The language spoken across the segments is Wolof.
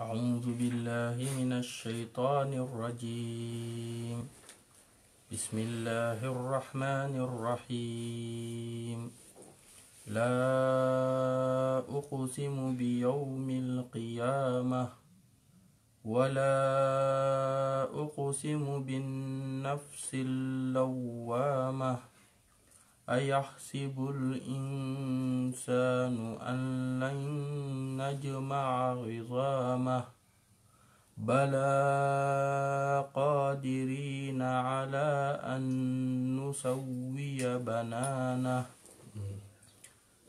أعوذ بالله من الشيطان الرجيم بسم الله الرحمن الرحيم لا أقسم بيوم القيامة ولا أقسم بالنفس اللوامة أيحسب الإنسان أن لن نجمع عظامه بلى قادرين على أن نسوي بنانه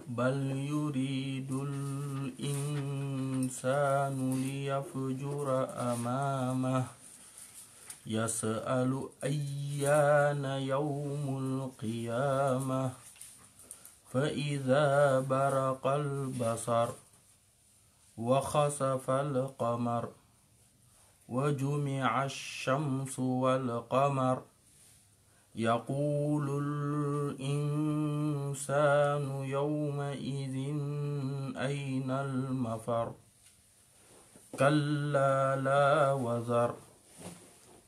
بل يريد الإنسان ليفجر أمامه يسأل أيان يوم القيامة فإذا برق البصر وخسف القمر وجمع الشمس والقمر يقول الإنسان يومئذ أين المفر كلا لا وزر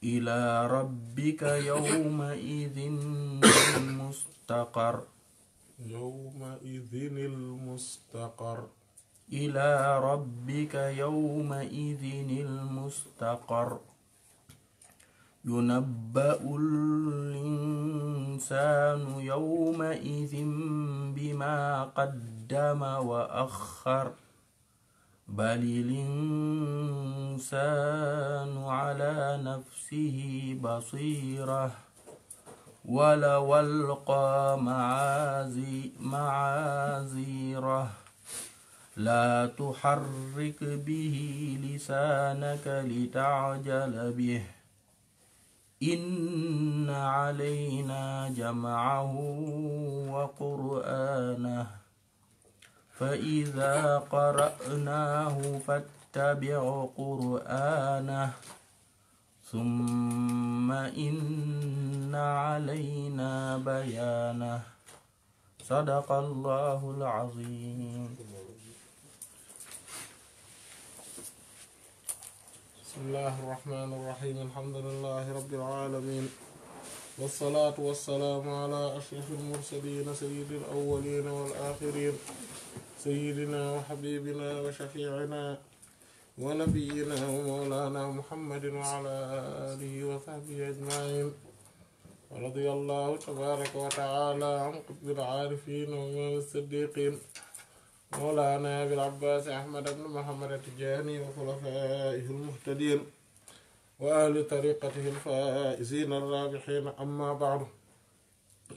إلى ربك يومئذ المستقر يومئذ المستقر إلى ربك يومئذ المستقر ينبأ الإنسان يومئذ بما قدم وأخر بل الإنسان على نفسه بصيرة ولو ألقى معاذيره لا تحرك به لسانك لتعجل به إن علينا جمعه وقرآنه فإذا قرأناه فاتبع قرآنه ثم إن علينا بيانه صدق الله العظيم بسم الله الرحمن الرحيم الحمد لله رب العالمين والصلاة والسلام على أشرف المرسلين سيد الأولين والآخرين سيدنا وحبيبنا وشفيعنا ونبينا ومولانا محمد وعلى آله وصحبه أجمعين ورضي الله تبارك وتعالى عن قطب العارفين وإمام الصديقين مولانا أبي العباس أحمد بن محمد التجاني وخلفائه المهتدين وأهل طريقته الفائزين الرابحين أما بعد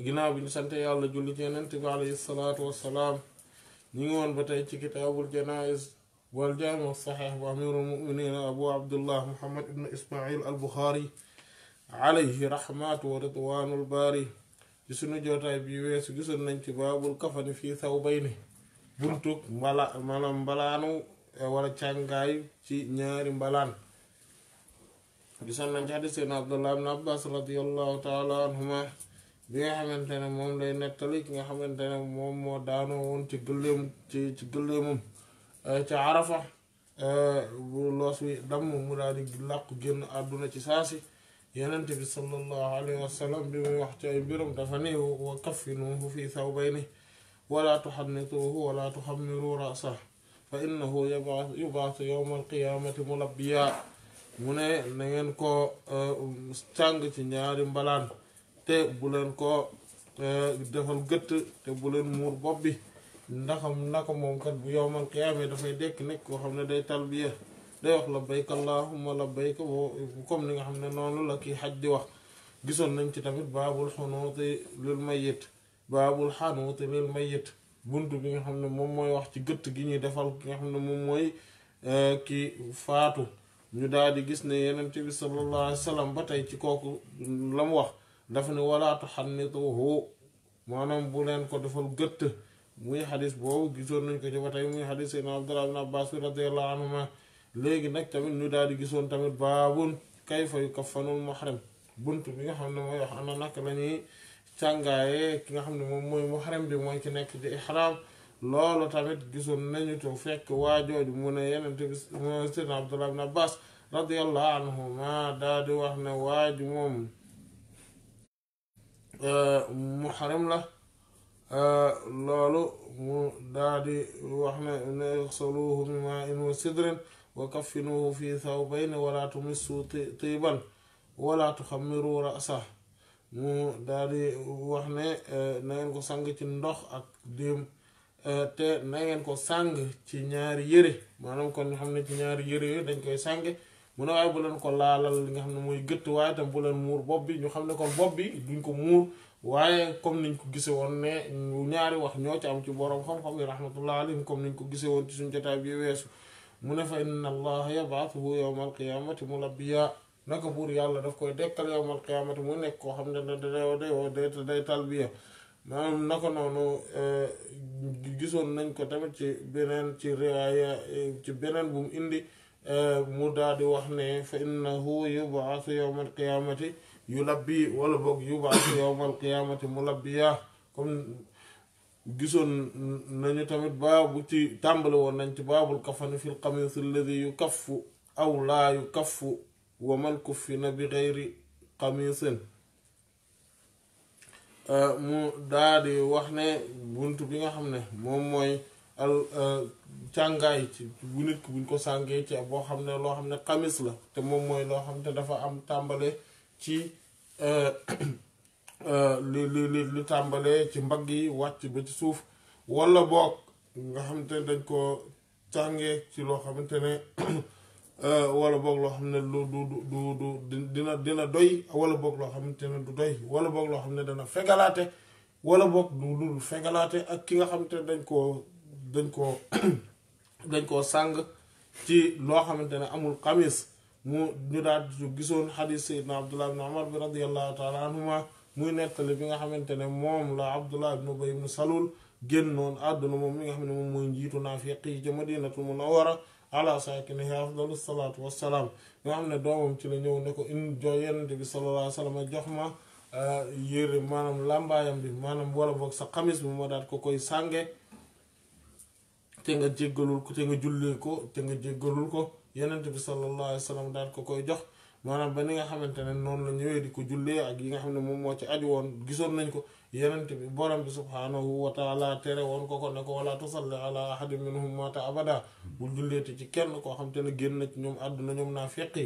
جناب سنتي الله جل جلاله عليه الصلاة والسلام ñu ngi woon ba tey ci kitaabul janaa'iz wal jaami saxiix bu amiirul mu'miniin abu abdullah muhammad ibn ismail al buxaari alayhi raxmatu wa baari ci sunu jootaay bi weesu gisoon nañ ci baabul kafani fii saw buntug mbala mala mbalaanu eh, wala càngaay ci ñaari mbalaan gisoon nañ ci xadis seen abdullah ibn abbas radiallahu taala anhuma bi nga xamante ne moom lay nettali ki nga xamante ne moom moo daanoo woon ci gëléem ci ci gëléemam euh, ca Arafa euh, bu loos wi damm mu daal làqu génn àdduna ci saasi yenent bi sallallahu alayhi wa bi muy wax ci ay mbiram dafa ne wa kaffinuhu fi thawbayni wala tuxannituhu wala tuxammiru ra'sahu fa innahu yubaas yubaas yowma alqiyaamati mulabbiya mu ne na ko càng euh, ci ñaari mbalaan te bulen ko e, defal gëtt te bulen muur bop bi ndaxam naka moom kat bu yowman qiyaame dafay dekk nekk koo xam ne day talbiya day wax la bayka allahuma la bayka bu comme ni nga xam ne noonu la kii xaj di wax gisoon nañ ci tamit baabul xunuuti lil mayit baabul xanuuti lil mayit bunt bi nga xam ne moom mooy wax ci gëtt gi ñuy defal ki nga xam ne moom mooy e, ki faatu ñu daal di gis ne yenente bi salallah alih wa sallam ba tey ci kooku lamu wax ne daf ni wala tuxannituhu maanaam bu leen ko defal gëtt muy xadis boobu gisoon nañ ko ci ba tey muy xadis seydna abdullah bin abbas bi radiallahu anhuma léegi nag tamit ñu daal di gisoon tamit baabun kayfa yukaffanul muhrim bunt bi nga xam ne mooy wax ana nak la ñuy ki nga xam ne moom mooy muhrim bi mooy ki nekk di ihram loolu tamit gisoon nañu te fekk waajooju mu ne yenente bi seydna abdullah bin abbas radiallahu anhuma daal di wax ne waaj moom Euh, muxaram la euh, loolu mu daadi wax ne ne soluhu bi maa in wa sidrin wa kaffinuhu fi thawbayn wala tumissu tiiban wala tuxammiru rasa mu daa wax ne euh, na ngeen ko sang ci ndox ak déem te nangeen ko sàng ci ñaari yëre maanaam kon nga xam ne ci ñaari yëre yooyu dañ koy sànge mu ne waaye bu leen ko laalal li nga xam ne mooy gëtt waaye tam bu leen bi ñu xam ne kon bopp bi duñ ko muur waaye comme niñ ko gise woon ne ñaari wax ñoo ci am ci borom xam-xam yi rahmatullah alayhim comme niñ ko gise woon ci suñ jotaay bi weesu mu ne fa inna allaha yabaatuhu yawmal qiyaamati mulabbiya naka buur yàlla daf koy dekkal yawmal qiyaamati mu nekk koo xam ne da day day woo day day talbiya maanaam naka noonu eh, gisoon nañ ko tamit ci beneen ci riwaaya eh, ci beneen bu mu indi mu daal di wax ne fa innahu yubaasu yowma alqiyamati yu labbi wala boog yubaasu yowma alqiyamati mu labbiya comme gisoon nañu tamit baabu ci tàmbali woon nañ ci baabul kafani fi lqamis alladi yukaffu aw laa yukaffu wa man kuffina bi geyri qamisin mu daal di wax ne bunt bi nga xam ne moom mooy càngaay ci bu nit ki buñ ko sàngee ci boo xam ne loo xam ne xamis la te moom mooy loo xam ne dafa am tàmbale ci euh, euh, li li li ci mbagg yi wàcc ci suuf wala boog nga xam dañ koo sàngee ci loo xamante ne euh, wala boog loo xam ne lu du dina dina doy wala boog loo xamante ne du doy wala boog loo xam ne dana fegalaate wala boog du lu fegalaate ak ki nga xamante ne dañ koo dañ koo dañ koo sàng ci loo xamante ne amul xamis mu ñu daal di gisoon xadis sayidna abdullah ibn umar bi radiallahu taala anhuma muy nettali bi nga xamante ne moom la abdullah ibn ubay ibn salul génnoon àdduna moom mi nga xam ne moom mooy njiitu naafiq yi ca madinatul munawwara ala saakiniha afdalu salaatu wassalaam nga xam ne doomam ci la ñëw ne ko in jo yenante bi sallallahu alayhi jox ma euh, yére maanaam làmbaayam bi maanaam wala boog sa xamis bi ma daat ko koy sànge te nga jéggalul ko te nga jullee ko te nga jéggalul ko yenente bi sallallahu alayhi wa sallam daal ko koy jox maanaam ba ni nga xamante ne noonu la ñëwee di ko jullee ak yi nga xam ne moom moo ci aju woon gisoon nañ ko yenente bi borom bi subhaanahu wa taala tere woon ko ko ne ko wala tusalli ala ahadin minhum mata abada bul julleete ci kenn koo xam te ne génn na ñoom àdduna ñoom naa feq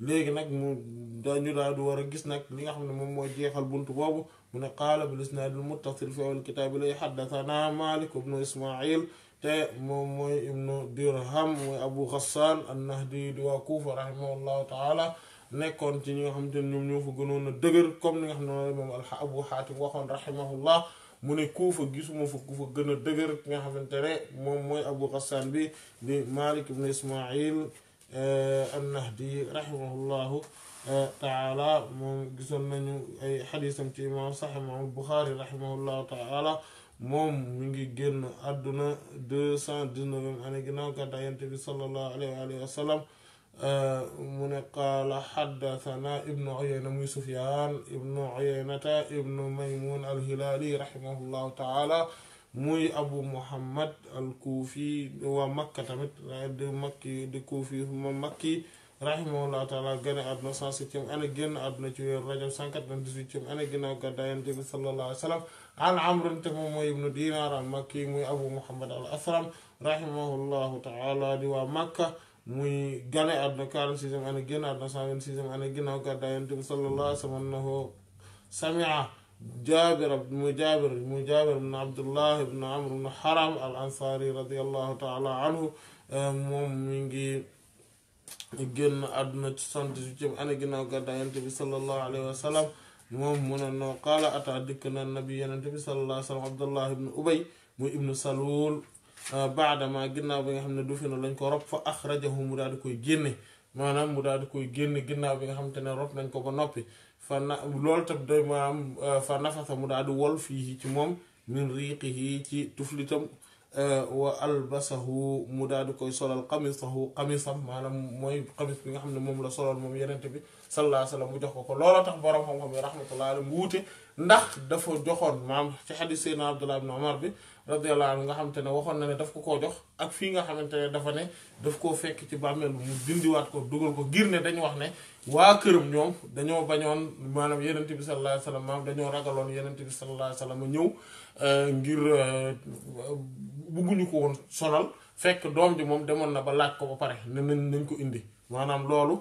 léegi nag mu dañu daal di war a gis nag li nga xam ne moom mooy jeexal bunt boobu mu ne qaala bil isnaadil muttasil fi awal kitaabi lay xaddathana malik ibnu ismail te moom mooy ibnu dirham mooy abu ghassan an-nahdi di waa kuufa rahimahullahu taala nekkoon ci ñi nga xamante ne ñoom ñoo fa gënoon a dëgër comme ni nga xam ne moom al abu xaatim waxoon rahimahullah mu ne kuufa gisuma fa ku fa gën a dëgër ki nga xamante ne moom mooy abu ghassan bi di malik ibnu ismail an-nahdi rahimahullahu taala moom gisoon nañu ay xadiisam ci imaam sax imaam buxaari rahimahullahu taala moom mi ngi génn àdduna deux cent dix-neuvième année ginnaaw gàddaay yonent bi sallallahu alayhi wa alihi wa sallam mu ne qaala xaddathana ibnu uyayna muy sufyaan ibnu uyaynata ibnu maymun alhilaali rahimahullahu taala muy abu muhammad alkuufi waa makka tamit di makki di kuufi ma makki rahimahullahu taala gane àdduna cent septième année génn àdduna ci weeru rajab cent quatre-vingt-dix-huitième année ginnaaw gàddaay yonent bi sallallahu alayhi wa sallam an amrin te moom mooy ibnu dinar al makki muy abu muhammad al asram rahimahullahu taala di waa makka muy gane àdduna 46e année génn àdduna 126e année bi sallallahu alayhi jaabir mu jaabir mu jaabir ibn abdullah ibn haram al ansari radiallahu taala anhu moom mi ngi génn àdduna ci 78e année ginnaaw gàddaay yonent bi sallallahu alayhi wa sallam موم منو قال اتا ذكرنا النبي ينتبي صلى الله عليه وسلم عبد الله بن ابي مو ابن سلول بعدما غيناو بيغا خامتني دوفينا لنجو روب فا اخرجه مودادكو يغيني مانام مودادكو يغيني غيناو بيغا خامتني روب نانكو كو نوبي فنا لول تاب دوي مام فنفث مودادو ولفي من ريقه تي تفلتم Euh, wa albasahu mu daal di koy solal xamisahu xamisam maanaam mooy xamis bi nga xam ne moom la soloon moom yenente bi sallallahu alayhi wa jox ko ko loola tax borom xam-xam yi rahmatullahi alayhi mu wuute ndax dafa joxoon maam ci xadis seydna abdullah ibn omar bi radiyallahu anhu nga xamante ne waxoon na ne daf ko koo jox ak fii nga xamante ne dafa ne daf koo fekk ci bàmmeel mu dindiwaat ko dugal ko ngir ne wax ne waa këram ñoom dañoo bañoon maanaam yenente bi sallallahu alayhi wa sallam maam dañoo ragaloon yenente bi sallallahu alayhi wa sallam ñëw Euh, ngir euh, bugguñu ko woon sonal fekk doom ji moom demoon na ba laaj ko ba pare ne nañ nañ ko indi maanaam loolu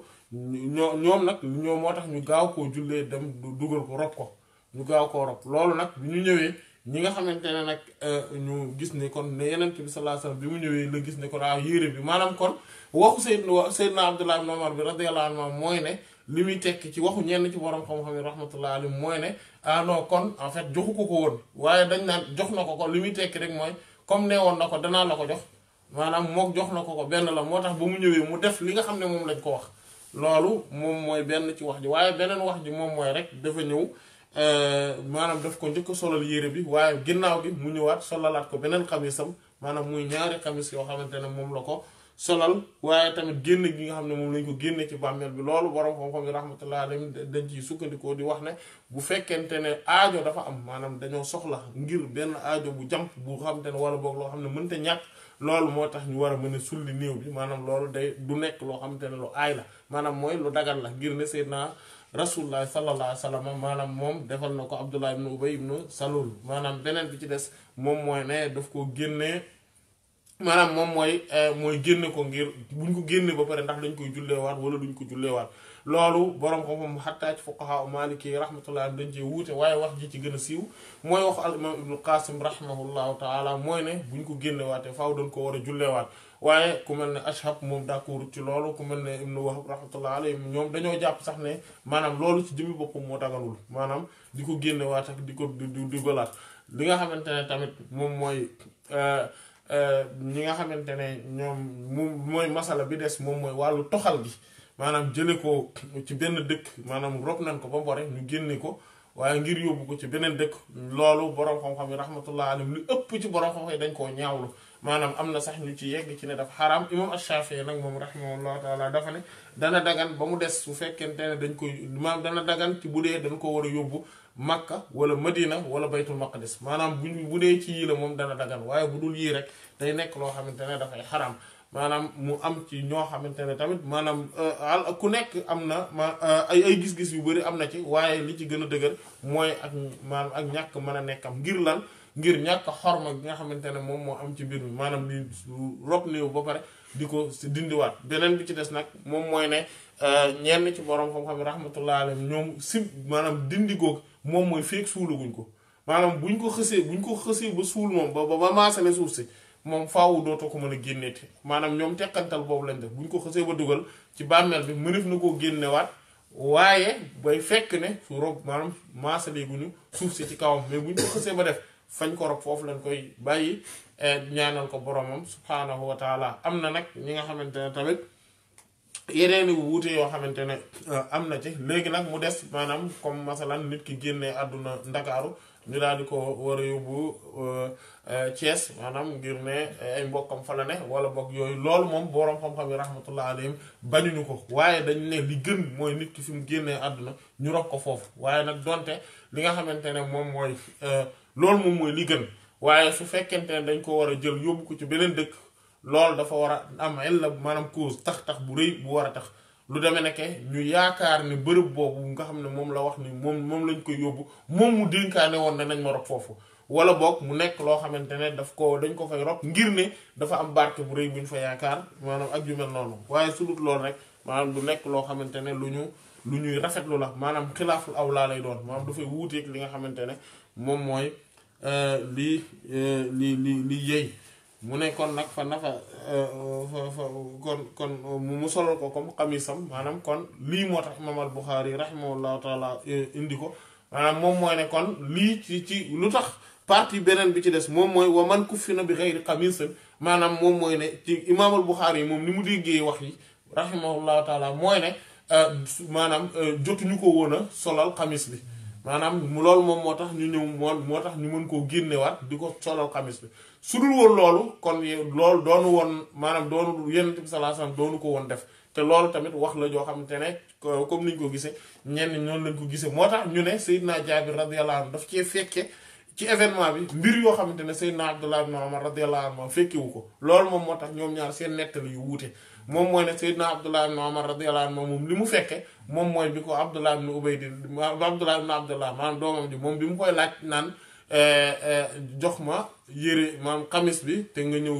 ñoo ñoom nag ñoo moo tax ñu gaaw koo jullee dem dugal ko rob ko ñu gaaw koo rob loolu nag bi ñu ñëwee ñi nga xamante ne nag euh, ñu gis ni kon ne yeneen bi sallallahu alayhi wasallam bi mu ñëwee la gis ne kon ah yére bi maanaam kon waxu Seydina Seydina naa ibn Umar bi radiyallahu anhu mooy ne li muy tekki ci waxu ñenn ci borom xam-xam yi rahmatullahi alayhi mooy ne ah kon en fait joxu ko ko woon waaye dañ naan jox na ko ko li muy tekki rek mooy comme nee woon na ko danaa la ko jox maanaam mook jox na ko ko benn la moo tax ba mu ñëwee mu def li nga xam ne moom lañ ko wax loolu moom mooy benn ci wax ji waaye beneen wax ji moom mooy rek dafa ñëw eh, maanaam daf ko njëkk solal yére bi waaye ginnaaw gi mu ñëwaat solalaat ko beneen xamisam maanaam muy ñaari xamis yoo xamante ne moom la ko solal waaye tamit génn gi nga xam ne moom lañ ko génne ci bàmmeel bi loolu borom xam-xam yi rahmatullah dañ ciy sukkandikoo di wax ne bu fekkente ne aajo dafa am maanaam dañoo soxla ngir benn aajo bu jàmp bu xam te ne wala boog loo xam ne mënta ñàkk loolu moo tax ñu war a mën a sulli néew bi maanaam loolu day du nekk loo xam ne lu aay la maanaam mooy lu dagal la ngir ne Seydina rasulullah sallallahu alayhi wa sallam maanaam moom defal na ko Abdullah ibn Ubay ibn Salul maanaam beneen bi ci des moom mooy ne daf koo génnee. maanaam moom mooy euh, mooy génne ko ngir buñ ko génne ba pare ndax dañ koy waat wala duñ ko julleewaat loolu borom xam-xam xattaa ci fuqaha maliki rahmatullah dañ cee wuute waaye wax ji gën a siiw mooy wax al imam ibnu qasim rahimahullahu taala mooy ne buñ ko génnewaatee faaw dañ ko war a julleewaat waaye ku mel ne ashab moom d'accord ci loolu ku mel ne ibnu wahab rahmatullah alayhi ñoom dañoo jàpp sax ne maanaam loolu ci jëmmi boppam moo daganul maanaam di ko génnewaat di ko di golaat li nga xamante ne tamit moom mooy euh, Euh, ñi nga xamante ne ñoom mu mooy masala bi des moom mooy wàllu toxal gi maanaam jële ko ci benn dëkk maanaam rob nañ ko ba mbore ñu génne ko waaye ngir yóbbu ko ci beneen dëkk loolu boroom xam-xam yi rahmatullah alayhi lu ëpp ci boroom xam-xam yi dañ koo ñaawlu maanaam am na sax ñu ci yegg ci ne dafa xaraam imam Ash-Shafi'i nag moom rahimahullah taala dafa ne dana dagan ba mu des su fekkente ne dañ koy maam dana dagan ci bu dee dañ koo war a yóbbu makka wala madina wala baytul maqdis maanaam bu bu dee ci yii la moom dana dagan waaye bu dul yii rek day nekk loo xamante ne dafay xaraam maanaam mu am ci ñoo xamante ne tamit maanaam euh, ku nekk am na ma euh, ay ay yu bari am na ci waaye li ci gën a dëgër mooy ak maanaam ñàkk mën a nekkam ngir lan ngir ñàkk xorma gi nga xamante ne moom moo am ci mbir mi maanaam li rob néew ba pare di ko si dindiwaat beneen bi ci des nag moom mooy ne euh, ñenn ci borom xam-xam rahmatullah alayhi ñoom si maanaam dindi googu moom mooy fekk suulaguñ ko maanaam ñu ko xësee buñ ko xësee ba suul moom ba ba maasale suuf si moom faawu dootoo ko mën a génneeti maanaam ñoom teqantal boobu lañ def buñ ko xësee ba dugal ci bàmmeel bi mënef na koo génnewaat waaye bay fekk ne su rob maanaam maasale ñu suuf si ci kawam mais buñ ko xësee ba def fañ ko foofu lañ koy bàyyi eh, ñaanal ko boromam subhaanahu wa am na nag ñi nga xamante ne tamit yeneen i wuute yoo xamante ne euh, am na ci léegi nag mu des maanaam comme masalan nit ki génnee àdduna ndakaaru ñu daal di ko war a yóbbu euh, euh, Thiès maanaam ngir ne ay mbokkam fa la ne wala bokk yooyu loolu moom boroom xam-xam yi rahmatullah alayhim bañuñu ko waaye dañ ne li gën mooy nit ki fi mu génnee àdduna ñu rog ko foofu waaye nag donte li nga xamante ne moom mooy loolu moom mooy li gën waaye su fekkente ne dañ ko war a jël yóbbu ko ci beneen dëkk loolu dafa war a am illa maanaam cause tax tax bu rëy bu war a tax lu demee nekke ñu yaakaar ne bërëb boobu nga xam ne moom la wax ni moom moom lañ koy yóbbu moom mu woon ne nañ ma foofu wala boog mu nekk loo xamante ne daf ko dañ ko fay rob ngir ne dafa am barke bu rëy bu ñu fa yaakaar maanaam ak yu noonu waaye su loolu rek maanaam du nekk loo xamante ne lu ñu lu ñuy rafetlu la maanaam xilaaful aw laa lay doon maanaam dafay wuuteeg li nga xamante ne moom mooy euh, euh, li li li li yëy mu ne kon nag fa nafa fa kon kon mu solal ko comme xamisam maanaam kon lii moo tax imaam al rahimahullahu taala indi ko maanaam moom mooy ne kon lii ci ci lu tax partie beneen bi ci des moom mooy wa man kuffina bi xayri xamisin maanaam moom mooy ne ci imaam al moom ni mu déggee wax yi rahimahullahu taala mooy ne maanaam jotuñu ko woon a solal xamis bi maanaam mu loolu moom moo tax ñu ñëw moom moo tax ñu mën koo génnewaat di ko solal xamis bi su dul woon loolu kon loolu doonu woon maanaam doonu yonent bi sallallahu alayhi doonu ko woon def te loolu tamit wax la joo xamante ne comme niñ ko gisee ñenn ñoonu lañ ko gisee moo tax ñu ne Seydina Jaabir radiyallahu anhu daf cee fekke ci événement bi mbir yoo xamante ne Seydina Abdullah ibn Umar radiyallahu anhu fekkewu ko loolu moom moo tax ñoom ñaar seen nettali yu wuute moom mooy ne Seydina Abdullah ibn Umar radiyallahu anhu moom li mu fekke moom mooy bi ko Abdullah ibn Ubay di Abdullah ibn Abdullah maanaam doomam ji moom bi mu koy laaj naan eh, eh, jox ma yére maanaam xamis bi te nga ñëw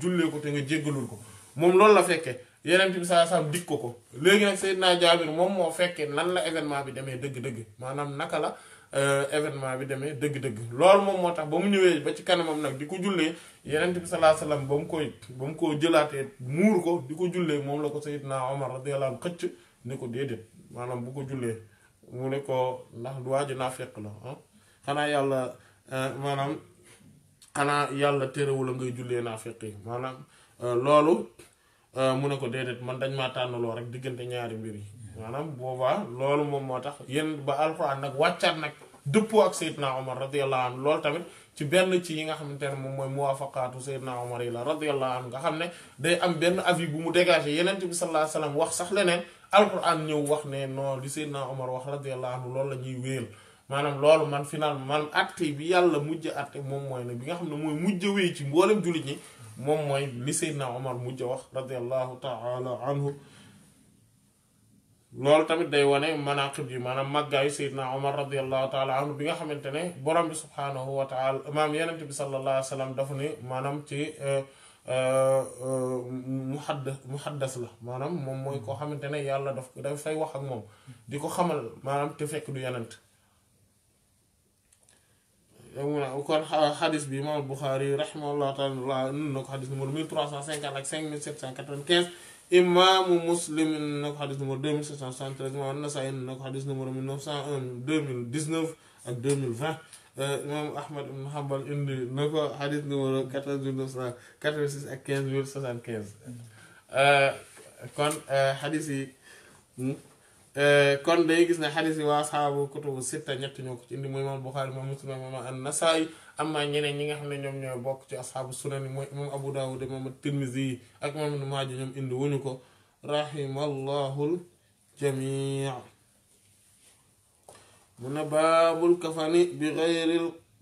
jullee ko te nga jéggalul ko moom loolu la fekkee yeneen bi saa saam dig ko ko léegi nag naa Jaabir moom moo fekkee nan la événement bi demee dëgg-dëgg maanaam naka la euh, événement bi demee dëgg-dëgg loolu moom moo tax ba mu ñëwee ba ci kanamam nag di ko jullee yeneen bi salaa salaam ba mu koy ba mu ko jëlaatee muur ko di ko jullee moom la ko Seydina Omar radiyallahu anhu xëcc ne ko déedéet maanaam bu ko jullee mu ne ko ndax du waaju naa fekk la ah. xanaa yàlla euh, xanaa yàlla terewul a ngay jullee naafeq yi maanaam euh, loolu euh, mu ne ko déedéet man dañ maa tànnaloo rek diggante ñaari mbir yi maanaam boobaa loolu moom moo tax yéen ba alxuraan nag wàccaat nag dëppoo ak Seydina Omar radiyallahu anhu loolu tamit ci benn ci yi nga xamante ne moom mooy muwaafaqaatu Seydina Omar yi la radiyallahu anhu nga xam ne day am benn avis bu mu dégagé yeneen bi sallallahu alayhi wax sax leneen alxuraan ñëw wax ne non li Seydina Omar wax radiyallahu anhu loolu la ñuy wéel maanaam loolu man finalement man acte bi yàlla mujj acte moom mooy ne bi nga xam ne mooy mujj wéy ci mboolem jullit ñi moom mooy li Seydina Omar mujj wax radiyallahu taala anhu loolu tamit day wane manaqib yi maanaam màggaayu Seydina Omar radiyallahu taala anhu bi nga xamante ne borom bi subhaanahu wa taala maam yenent bi sallallahu alayhi wa sallam dafa ne maanaam ci eh, eh, muhaddas muhaddas la maanaam moom mooy koo xamante ne yàlla daf dafay wax ak moom di ko xamal maanaam te fekk du yenent kon xadis bi imam Buxaari rahimahullah taala indi na ko xadis numéro 1350 ak 5795 imaamu Muslim indi na ko xadis numéro 2773 imam Nasaa'i indi na ko xadis numéro 1901 2019 ak 2020 imam Ahmad ibn Hanbal indi na ko xadis numéro 14986 ak 15075 kon xadis yi Eh, kon day gis ne xadis yi waa asxaabu kutubu sitta ñett ñoo ko ci indi mooy imaam Buxaari moom Muslim moom an-Nasaa'i amma ñeneen ñi nga xam ne ñoom ñooy bokk ci asxaabu sunan yi mooy moom Abu Daawud moom Tirmizi yi ak imaam Ibnu Maaja ñoom indi wuñu ko rahimallahu jamii mu ne baabul kafani bi xayri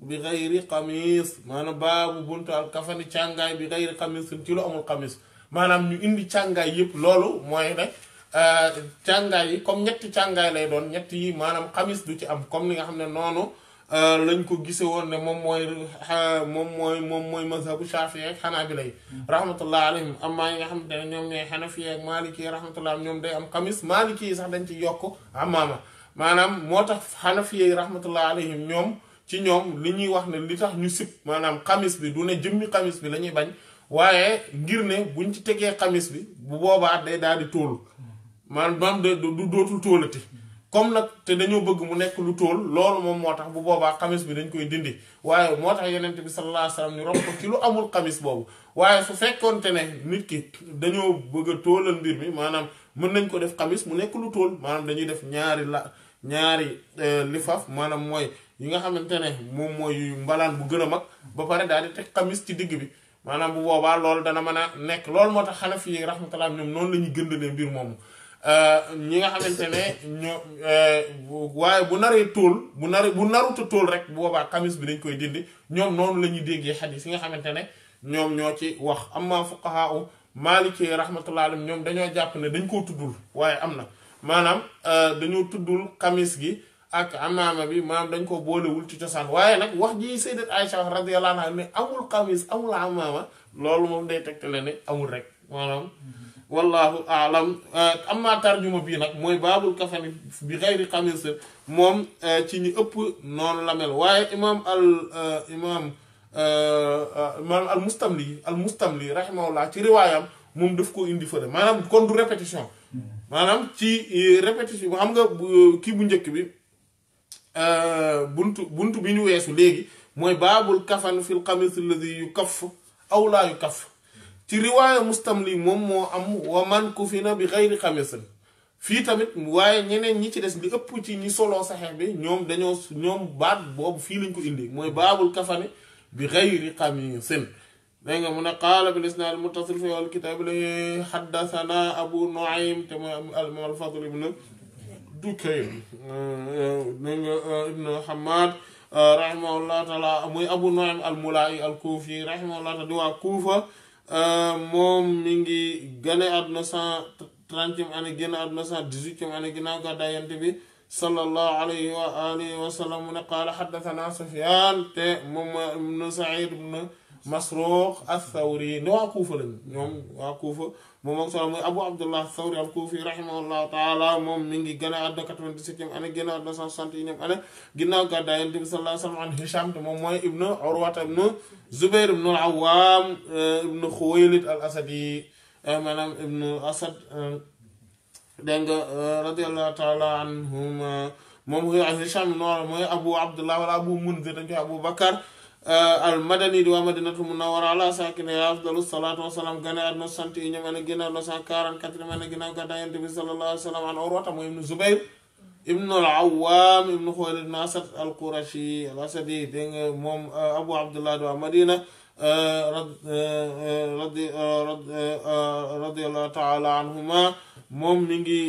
bi xayri xamis maanaam baabu buntaal kafani càngaay bi xayri xamis ci lu amul xamis maanaam ñu indi càngaay yépp loolu mooy rek Euh, càngaay yi comme ñetti càngaay lay doon ñetti yi maanaam xamis du ci am comme ni nga xam ne noonu euh, lañ ko gise woon ne moom mooy euh, moom mooy moom mooy mazhabu shafii ak xanaabila yi hmm. rahmatullah alayhim amma yi nga xam ne ñoom ñooy xanafi ak maliki yi rahmatullah ñoom day am xamis maliki yi sax dañ ci yokk amaama maanaam moo tax xanafi yi rahmatullah alayhim ñoom ci ñoom li ñuy wax ne li tax ñu sib maanaam xamis bi du ne jëmmi xamis bi lañuy bañ waaye ngir ne buñ ci tegee xamis bi bu boobaa day daal di tóolu maanaam du dootul tóolati comme nag te dañoo bëgg mu nekk lu tóol loolu moom moo tax bu boobaa xamis bi dañ koy dindi waaye moo tax yenent bi sallallahu alayhi wasallam ñu rob amul xamis boobu waaye su fekkoonte ne nit ki dañoo bëgg a tóolal mbir mi maanaam mën nañ ko def xamis mu nekk lu tóol maanaam dañuy def ñaari la ñaari euh, lifaaf maanaam mooy yi nga xamante ne moom mooy mbalaan bu gën a mag ba pare daal di teg xamis ci digg bi maanaam bu boobaa loolu dana mën a nekk loolu moo tax xanaf yi rahmatullah ñoom noonu la ñuy gëndalee mbir moomu Euh, ñi nga xamante ne ñoo euh, waaye bu naree tóol bu naree bu naruta tóol rek boobaa kamis bi dañ koy dindi ñoom noonu la ñuy déggee xadiis yi si nga xamante ne ñoom ñoo ci wax amma fuqahaa u maaliki rahmatullah alayhim ñoom dañoo jàpp ne dañ koo tuddul waaye am na maanaam euh, dañoo tuddul kamis gi ak amaama bi maanaam dañ ko boolewul ci cosaan waaye nag wax ji sayyidat Aisha wax radiyallahu anha ne amul kamis amul amaama loolu moom day tegtale ne amul rek maanaam mm-hmm. والله اعلم آه، اما ترجمه بي نك موي باب الكفن بغير قميص موم تي ني اوب نون لا مل واي امام ال امام مان المستملي المستملي رحمه الله تي روايام موم داف اندي فله مانام كون دو ريبيتيشن مانام تي ريبيتيشن خم كي بو نجهك بي بونتو بونتو بي ني ويسو لغي موي باب الكفن في القميص الذي يكف او لا يكف ci riwaya mustamli mom mo am wa man kufina bi xayri xamisin fi tamit waye ñeneen ñi ci dess li ëpp ci ñi solo saxé bi ñom dañoo ñom baat bobu fi lañ ko indi moy babul kafani bi xayri xamisin da nga mu ne qaala bil isnaad muttasil fi al kitab li hadathana abu nuaym tamam al imam fadl ibn dukayl dégg nga ibn hamad rahimahullah taala muy abu nuaym al mulaayi al kuufi rahimahullah taala di waa kuufa Euh, moom mi ngi gane àdduna cent trentième année génn àdduna cent dix-huitième année ginnaaw gàddaay yonent bi sallallahu alayhi wa alihi mu ne qaala xaddathana Sufyaan te moom ibnu Saïd ibnu Masruuq ath-Thawri ne waa Kuufa lañ ñoom waa Kuufa moom solo mooy Abu Abdullah moom mi ngi gën a àdduna 97e année génn àdduna 161e année ginnaaw gàddaay Yonent bi sallallahu ibnu Urwata ibnu Zubair ibnu al eh, ibnu Khuwaylid al-Asadi eh, maanaam ibnu Asad eh, dégg nga radiyallahu taala anhuma moom Hisham noonu mooy Abu Abdullah wala Abu Munzir dañ koy Abu Bakar Euh, al madani di waa madinatu munawwara ala saakinihaa afdalu salaatu wa salaam gane àdduna sant yi ñu mën a génnaw na cent quarante-quatre mën a ginnaaw gàddaay Yonent bi sallallahu alayhi wa sallam an Urwata mooy ibnu Zubayr ibnu al Awaam ibnu Xuwaylid ibnu Asad al Qurashi al Asadi dégg nga moom euh, Abu Abdullah di waa Madina euh, radiyallahu taala anhuma moom mi ngi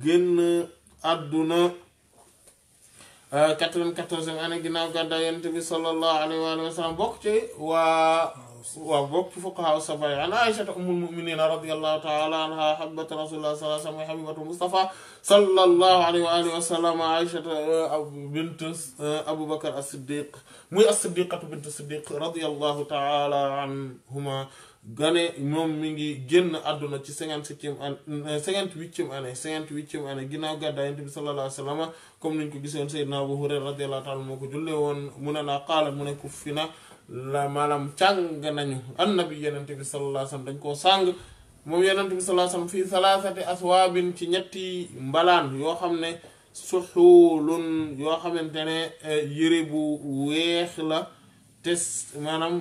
génn àdduna 94e année ginnaaw gàddaay yonent bi sallallahu alayhi wa sallam bokk ci waa waaw bokk ci fuqahaa sab'a an Aysata ummul mu'miniina radiyallahu ta'ala anha habbatu rasulillah sallallahu alayhi wa sallam habibatu Mustafa sallallahu alayhi wa sallam Aysata bint Abu Bakr as-Siddiq muy as-Siddiqatu bint as-Siddiq radiyallahu ta'ala anhuma gane moom mu ngi génn àdduna ci cinquante septième euh, année cinquante huitième année cinquante huitième année ginnaaw gàddaay Yonent bi sallallahu alayhi wa sallam comme niñ ko gisoon Seydina Abu Hurayra radiyallahu taala moo ko jullee woon mu ne naa qaala mu ne ku fi na la maanaam càng nañu annabi Yonent bi sallallahu alayhi wa sallam dañ koo sàng moom Yonent bi sallallahu alayhi wa sallam fii salaasati aswaabin ci ñetti mbalaan yoo xam ne suxuulun yoo xamante ne euh, yére bu weex la te maanaam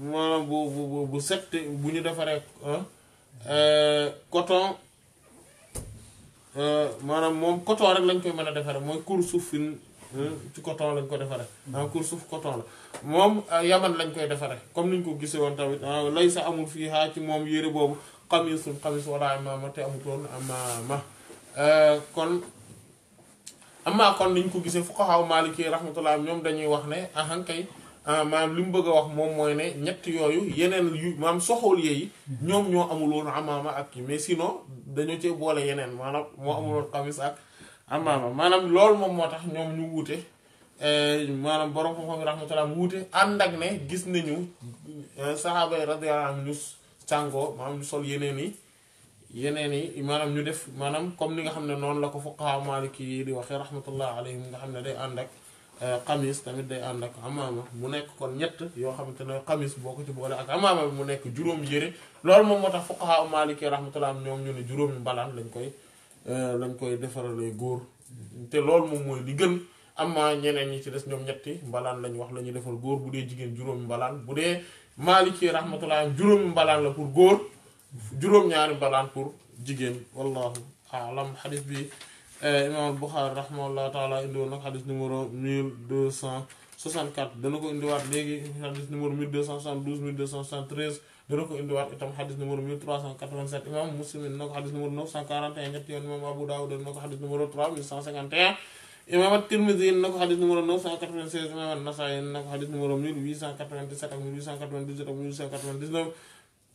maanaam bu bu bu set bu ñu defaree euh, coton euh, maanaam moom coton rek lañ koy mën a defaree mooy kur suuf fin ci coton lañ ko defaree. maanaam ah, kur suuf coton la moom euh, yaman lañ koy defaree comme niñ ko gisee woon tamit ah, lay sa amul fii xaa ci moom yére boobu xamisul xamis wala amaama te amutoon amaama kon. amaa kon niñ ko gisee fuqahaa Maaliki rahmatullah ñoom dañuy wax ne ahankay Euh, maanaam li mu bëgg a wax moom mooy ne ñett yooyu yeneen yu maanaam soxool yi ñoom ñoo amuloon amaama ak kii mais sinon dañoo cee boole yeneen maanaam moo amuloon xamis ak amaama maanaam lool moom moo tax ñoom ñu wuute eh, maanaam borom xam-xam yi wuute ànd ak gis nañu eh, saxaaba yi radiyallahu anhum ñu sol yeneen yi yeneen yi maanaam ñu def maanaam comme ni nga xam ne noonu la ko fuqaha maliki yi di waxee rahmatullah alayhim nga xam ne day ànd ak Euh, xamis tamit day ànd ak amaama mu nekk kon ñett yoo xamante ne xamis boo ko ci boole ak amaama bi mu nekk juróom yére loolu moom moo tax fuqaha maliki rahmatullah ñoom ñu ne juróom mbalaan lañ koy euh, lañ koy defarale góor te loolu moom mooy li gën amma ñeneen ñi ci des ñoom ñetti mbalaan lañ wax la ñuy defal góor bu dee jigéen juróom mbalaan bu dee maliki rahmatullah juróom mbalaan la pour góor juróom-ñaari mbalaan pour jigéen wallahu alam xadis bi Eh, imaam Buxaari rahimahullahu taala indi woon nag xadis numéro 1264 dana ko indiwaat léegi xadis numéro 1272 1273 dana ko indiwaat itam xadis numéro 1387 imaam Muslim dina ko xadis numéro 941 ñetti yoon imaam Abu Daawud dina ko xadis numéro 3151 imaam At-Tirmidhi dina ko xadis numéro 996 imaam An-Nasaa'i dina ko xadis numéro 1897 ak 1898 ak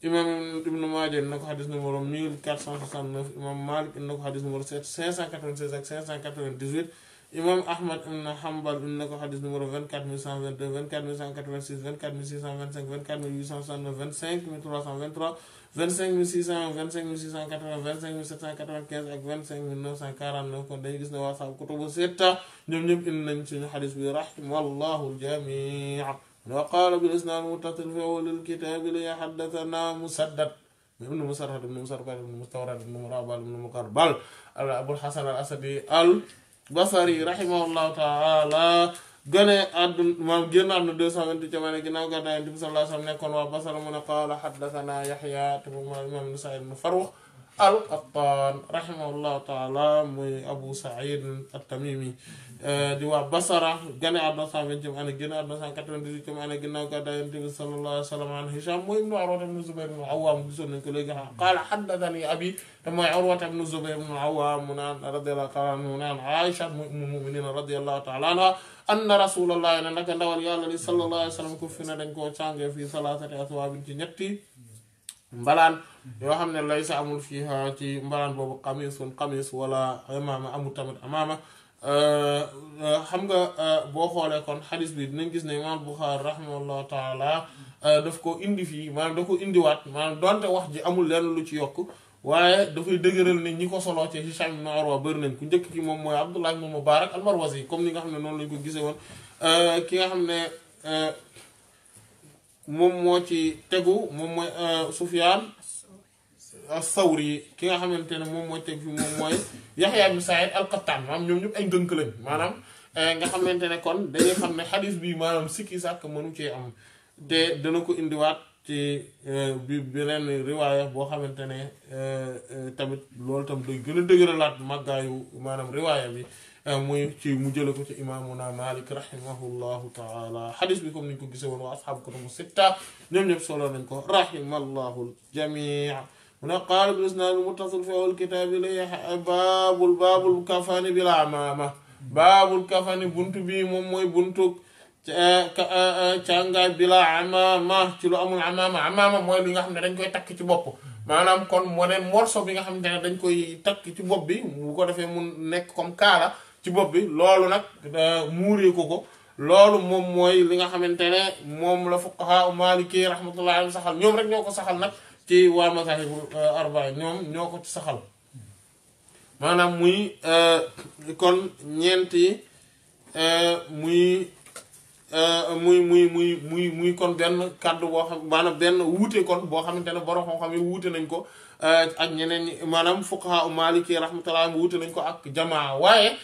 imam ibnu maaja na ko xadis numéro 1469 imam malik na ko xadis numéro 596 ak 598 imam ahmad ibn hanbal na ko xadis numéro 24122 24186 24625 24869 25323 25600 25680 25795 ak 25949 kon dañu gis ne waa sahabu kutubu sitta ñoom ñëpp indi nañ suñu xadis bi rahimallahu ljamia waa qaala bil isnaad muttasil fi awwalil kitaabi li haddathanaa musaddad ibnu musarhad ibnu musarhad ibnu mustawrad ibnu murabal ibnu mukarbal abul hasan al asadi al basri rahimahullahu taala gane àdduna maam génn àdduna deux cent ginnaaw gàddaay Yonent bi sallallahu alayhi wa sallam nekkoon waa Basra mu ne qaala haddathanaa Yahyaa te moom mooy imaam ibnu al-Qattaan Euh, di waa Basara gane àdduna cent vingtième année génn àdduna cent quatre-vingt-dix-huitième année ginnaaw gàddaay Yonent bi sallallahu alayhi wa sallam an Hisham mooy ibnu Urwata ibnu ah. qaala haddathanii abii te mooy Urwata ibnu Zubayr ibnu Awwam mu naan radiyallahu ta'ala anhu mu naan Aïcha mooy ummul mu'minin radiyallahu ta'ala anha anna rasulallahi ne naka ndawal yàlla li ci ñetti mbalaan yoo xam laysa amul fiihaa ci mbalaan boobu qamiisun qamiis wala imaama amul tamit amaama Euh, euh, xam nga euh, boo xoolee kon xadis bi dinañ gis ne imaam Buxaari rahimahullahu taala daf ko indi fii maanaam daf ko indiwaat maanaam donte wax ji amul lenn lu ci yokk waaye dafay dëgëral ne ñi ko soloo ci Hisham ibn Urwa bëri nañ ku njëkk ki moom mooy Abdullah ibn Mubarak al-Marwazi comme ni nga xam ne noonu lañ ko gisee woon ki nga xam ne moom moo ci tegu moom mooy Sufyaan as-Sawri ki nga xamante ne moom mooy teg fi moom mooy Yaxya ibn Saïd al-Qattaan maanaam ñoom ñëpp ay ngënk lañ maanaam eh, nga xamante ne kon dañuy xam ne xadis bi maanaam sikki sàkk mënu cee am te dana ko indiwaat ci eh, bi beneen riwaaya boo xamante ne eh, tamit loolu tam day gën a dëgëralaat màggaayu maanaam riwaaya bi muy ci mu jële ko ci imaamuna Malik rahimahullahu taala xadis bi comme niñ ko gise woon waa asxaabu kutubu sitta ñoom ñëpp solo nañ ko rahimallahu jamii mu ne qaala bil isnaad muttasil fi awwal kitaab li baabul baabul kafani bil amaama kafani buntu bi moom mooy buntu eh, eh, eh, càngaay bila amaama ci lu amul amaama amaama mooy li nga xam ne dañ koy takk ci bopp maanaam kon moo ne morceau bi nga xam ne dañ koy takk ci bopp bi bu ko defee mu nekk comme kaala ci bopp bi loolu nag koko ko ko loolu moom mooy li nga xamante ne moom la fuqaha maliki rahmatullahi saxal ñoom rek ñoo ci waa masaahibul euh, arba'a ñoom ñoo ko ci saxal maanaam muy euh, kon ñeenti euh, muy muy muy muy muy muy kon benn kàddu boo xam maanaam benn wuute kon boo xamante ne borom xam-xam yi wuute nañ ko ak ñeneen ñi maanaam fuqaha maliki rahmatullah wuute nañ ko ak jamaa waaye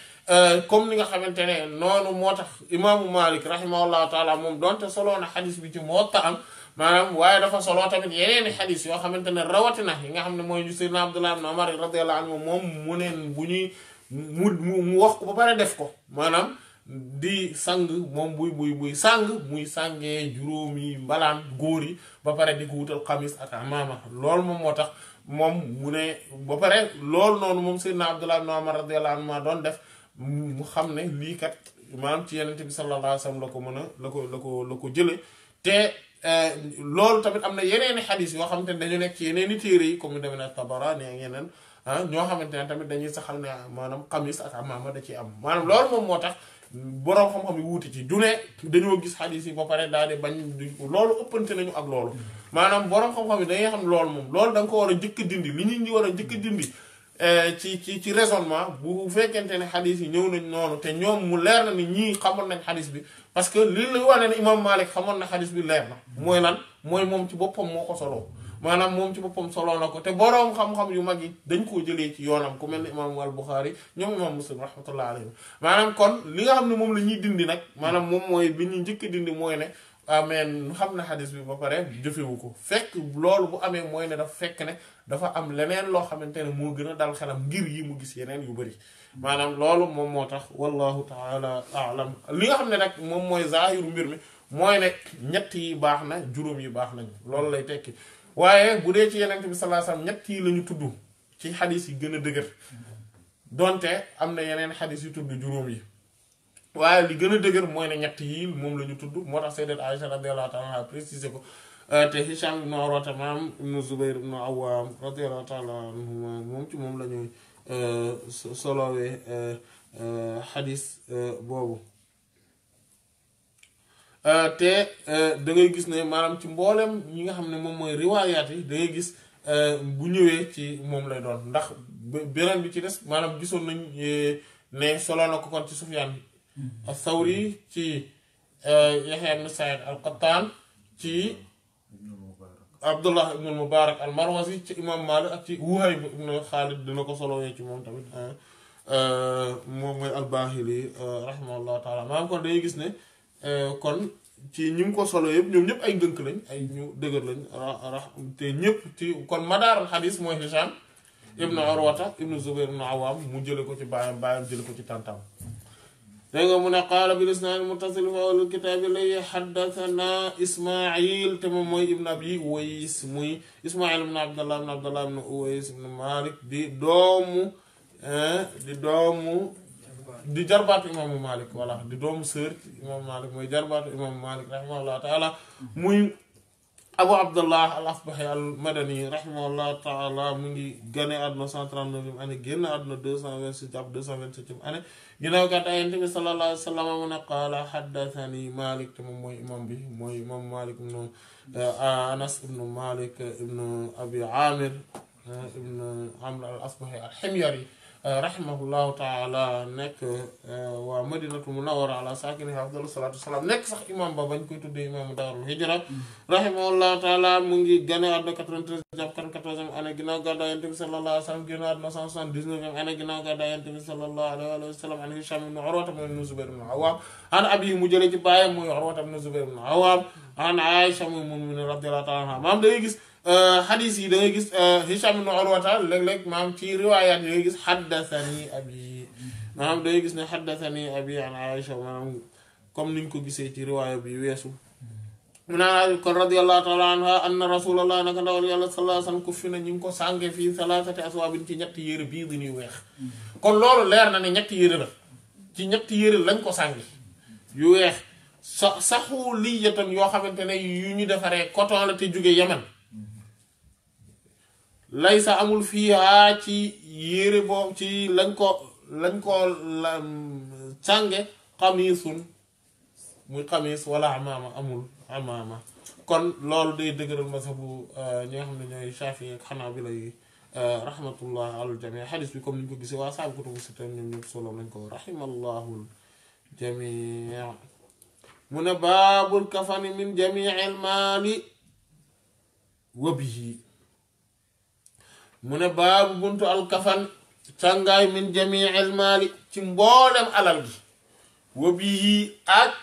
comme ni nga xamante ne noonu moo tax imaamu malik rahimahullahu taala moom donte soloon na xadis bi ci moo ta maanaam waaye dafa solo tamit yeneeni xadis yoo xamante ne rawatina yi nga xam ne mooy sayyidina Abdullah ibn Umar radiyallahu anhu moom mu neen bu ñuy mu mu wax ko ba pare def ko maanaam di sang moom buy buy buy sang muy sàngee juróomi mbalaan góor yi ba pare di ko wutal xamis ak amaama loolu moom moo tax moom mu ne ba pare loolu noonu moom sayyidina Abdullah ibn Umar radiyallahu anhu ma doon def mu xam ne lii kat maanaam ci yenente bi sallallahu alayhi wa sallam la ko mën a la ko la ko la ko jële te Euh, loolu tamit am na yeneen yeneeni xadis yoo xamante ne dañu nekk ci yeneeni téere yi comme demee na Tabarani ak yeneen ah ñoo xamante ne tamit dañuy saxal ne maanaam xamis ak amaama da ciy am maanaam loolu moom moo tax boroom xam-xam yi wuute ci du ne dañoo gis xadis yi ba pare daal di bañ loolu ëppante nañu ak loolu maanaam boroom xam-xam yi dañuy xam loolu moom loolu danga ko war a njëkk dindi li ñu ñi war a njëkk dindi euh, ci ci ci raisonnement bu fekkente ne xadis yi ñëw nañ noonu te ñoom mu leer na ni ñii xamoon nañ xadis bi parce que li la wane ne imam Malik xamoon na xadis bi leer na mooy lan mooy moom ci boppam moo ko solo maanaam moom ci boppam soloo na ko te boroom xam-xam yu mag yi dañ koo jëlee ci yoonam ku mel ne imam al Buxaari ñoom imam Muslim rahmatullah alayhi maanaam kon li nga xam ne moom la ñuy dindi nag maanaam moom mooy bi ñu njëkk dindi mooy ne ameen xam na xadis bi ba pare jëfewu ko fekk loolu bu amee mooy ne dafa fekk ne dafa am leneen loo xamante ne moo gën a dal ngir yi mu gis yeneen yu bari maanaam loolu moom moo tax wallahu taala alam li nga xam ne nag moom mooy zaahiru mbir mi mooy ne ñett yi baax na juróom yi baax nañu loolu lay tekki waaye bu dee ci yeneen bi sallallahu alayhi wasallam ñett yi la ñu tudd ci xadis yi gën a dëgër doonte am na yeneen xadis yu tudd juróom yi waaye li gën a dëgër mooy ne ñett yii moom la ñu tudd moo tax sayyidat Aïcha radiyallahu taala anha précisé ko euh, te Hisham ibn Urwa maam ibn Zubayr ibn Awwam radiyallahu taala moom la ñuy solowee eh, eh, xadis eh, boobu te da ngay gis ne maanaam ci mbooleem ñi nga xam ne moom mooy riwaayaat yi da ngay gis bu ñëwee ci moom lay doon ndax beneen bi ci des maanaam gisoon nañ ne solo na ko kon ci Sufyaan mm-hmm. as-Sawri ci Yaxya ibn Saïd al-Qattaan ci mm-hmm. abdullah ibn mubarak al marwazi ci imam malik ak ci wuhayb ibn xaalid dina ko solowee ci moom tamit ah, ah, moom mooy al bahili ah, rahimahullah taala maanaam kon dañuy gis ne kon ci ñi ko solo yëpp ñoom ñëpp ay ngënk lañ ay ñu dëgër lañ te ñëpp ci kon madaaral xadis mooy hisham ibnu urwata ibnu zubair ibnu awam mu jële ko ci baayam baayam jële ko ci tàntam dégg mu ne qaala bil isnaad muttasil fa awwalul kitaabi lay xaddathana ismail te moom mooy ibn abi uways muy ismail ibn abdallah ibn abdallah ibn uways ibn malik di doomu di di jarbaatu imaamu malik voilà di doomu sër imaamu malik mooy jarbaatu imaamu malik rahimahullah taala muy abu abdullah al afbahi al madani rahimahullah taala mu ngi gane àdduna 139 année génn àdduna 226 jàpp 227 année ginnaaw gàddaay yonent bi sallallahu alayhi wa sallam mu ne malik te moom imam bi mooy imam malik ibnu anas ibn malik ibnu abi amir ibnu amr al asbahi al himyari rahimahullahu taala nekk euh, waa madinatul munawwara ala saakini afdalu salaatu wasalaam nekk sax imam ba bañ koy tuddee imaamu daarul hijra mm-hmm. rahimahullahu taala mu ngi gane àdduna 93 jàpp 94e année ginnaaw gàddaay Yonent bi sallallahu alayhi wa sallam génn àdduna 179e année ginnaaw gàddaay Yonent bi sallallahu alayhi wa sallam an Hisham ibn Urwata ibn Zubayr ibn Awwam mu jële ci bàyyam mooy Urwata ibn Zubayr ibn Awwam mm-hmm. an Aisha mooy mu'mina radiyallahu taala anha maam day gis xadis euh, yi da ngay gis euh, Hisham ibn Urwata léeg-léeg maam ci riwaayaat yi da ngay gis xaddasani abi maanaam da ngay gis ne xaddasani abi an Aïcha maanaam comme niñ ko gisee ci riwaaya bi weesu mu naan kon radiyallahu taala anha anna rasulallah naka ndawal yàlla sallallahu alayhi wasallam ku fi na ñu ngi ko sànge fii salaasati aswaabin ci ñetti yére bii ñuy weex kon loolu leer na ne ñetti yére la ci ñetti yére lañ ko sànge weex sa saxu yoo xamante ne yu ñu defaree coton la te jóge Yemen laysa amul fiihaa ci yére boobu ci lañ ko lañ ko sànge xamiisun muy xamiis wala amaama amul amaama kon loolu day dëgëral masabu ñi nga xam ne ñooy Shaafi ak Xanaabila yi rahmatullah alal jamii xadis bi comme ni ñu ko gisee waa saabu kutubu sitta ñoom ñëpp solo nañ ko rahimallahu jamii mu ne baabul kafani min jamii al maali wa bihi mu ne baabu buntu alkafan càngaay min jamiil maali ci mboolem alal gi wa bihi ak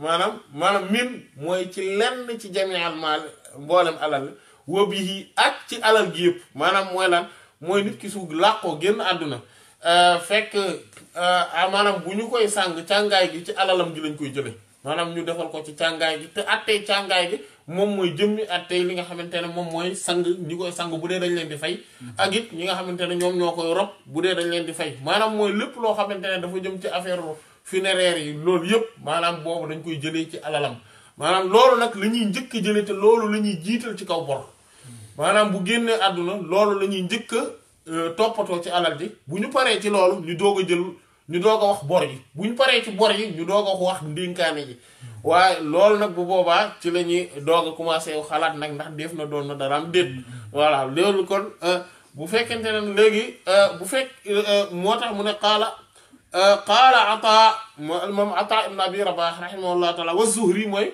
maanaam maanaam min mooy ci lenn ci jamiil maali mboolem alal wa bihi ak ci alal gi yëpp maanaam mooy lan mooy nit ki su làqoo génn àdduna euh, fekk euh, ah, maanaam bu ñu koy sàng càngaay gi ci alalam gi lañ koy jële maanaam ñu defal ko ci càngaay gi te attee càngaay gi moom mooy jëmmi attey li nga xamante ne moom mooy sang ñi koy sang bu dee dañ leen di fay ak it ñi nga xamante ne ñoom ñoo koy rob bu dee dañ leen di fay maanaam mooy lépp loo xamante ne dafa jëm ci affaire funéraire yi loolu yëpp maanaam boobu dañ koy jëlee ci alalam maanaam loolu nag la ñuy njëkk a jëlee te loolu la ñuy jiital ci kaw bor maanaam bu génnee àdduna loolu la ñuy njëkk a euh, toppatoo ci alal ji bu ñu paree ci loolu ñu doog a jël ñu doog a wax bor yi bu ñu paree ci bor yi ñu doog a wax ndénkaane ji waaye lool nag bu boobaa ci la ñuy doog a commencé xalaat nag ndax def na doon na daraam déet voilà loolu kon euh, bu fekkente ne léegi euh, bu fekk euh, moo tax mu ne qaala qaala ata moom ata ibn abi rabah rahimahullah taala wa zuhri mooy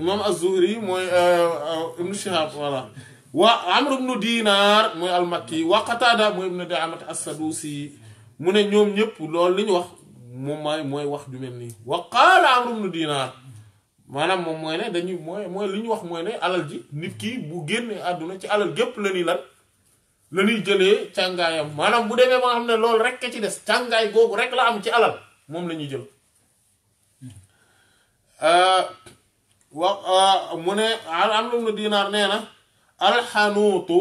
moom az-zuhri mooy ibn shihab voilà wa amr ibn dinar mooy al-makki wa qatada mooy ibn da'amat as-sadusi mu ne ñoom ñëpp loolu li ñu wax moom mooy wax ju mel nii wa qaala Amru ibnu Dinaar maanaam moom mooy ne dañuy mooy mooy li ñu wax mooy ne alal ji nit ki bu génnee àdduna ci alal gépp la ñuy lan jëlee càngaayam maanaam bu demee ma xam ne loolu rek a ci des càngaay googu rek la am ci alal moom la ñuy jël euh, wa euh, mu ne nee na alxanuutu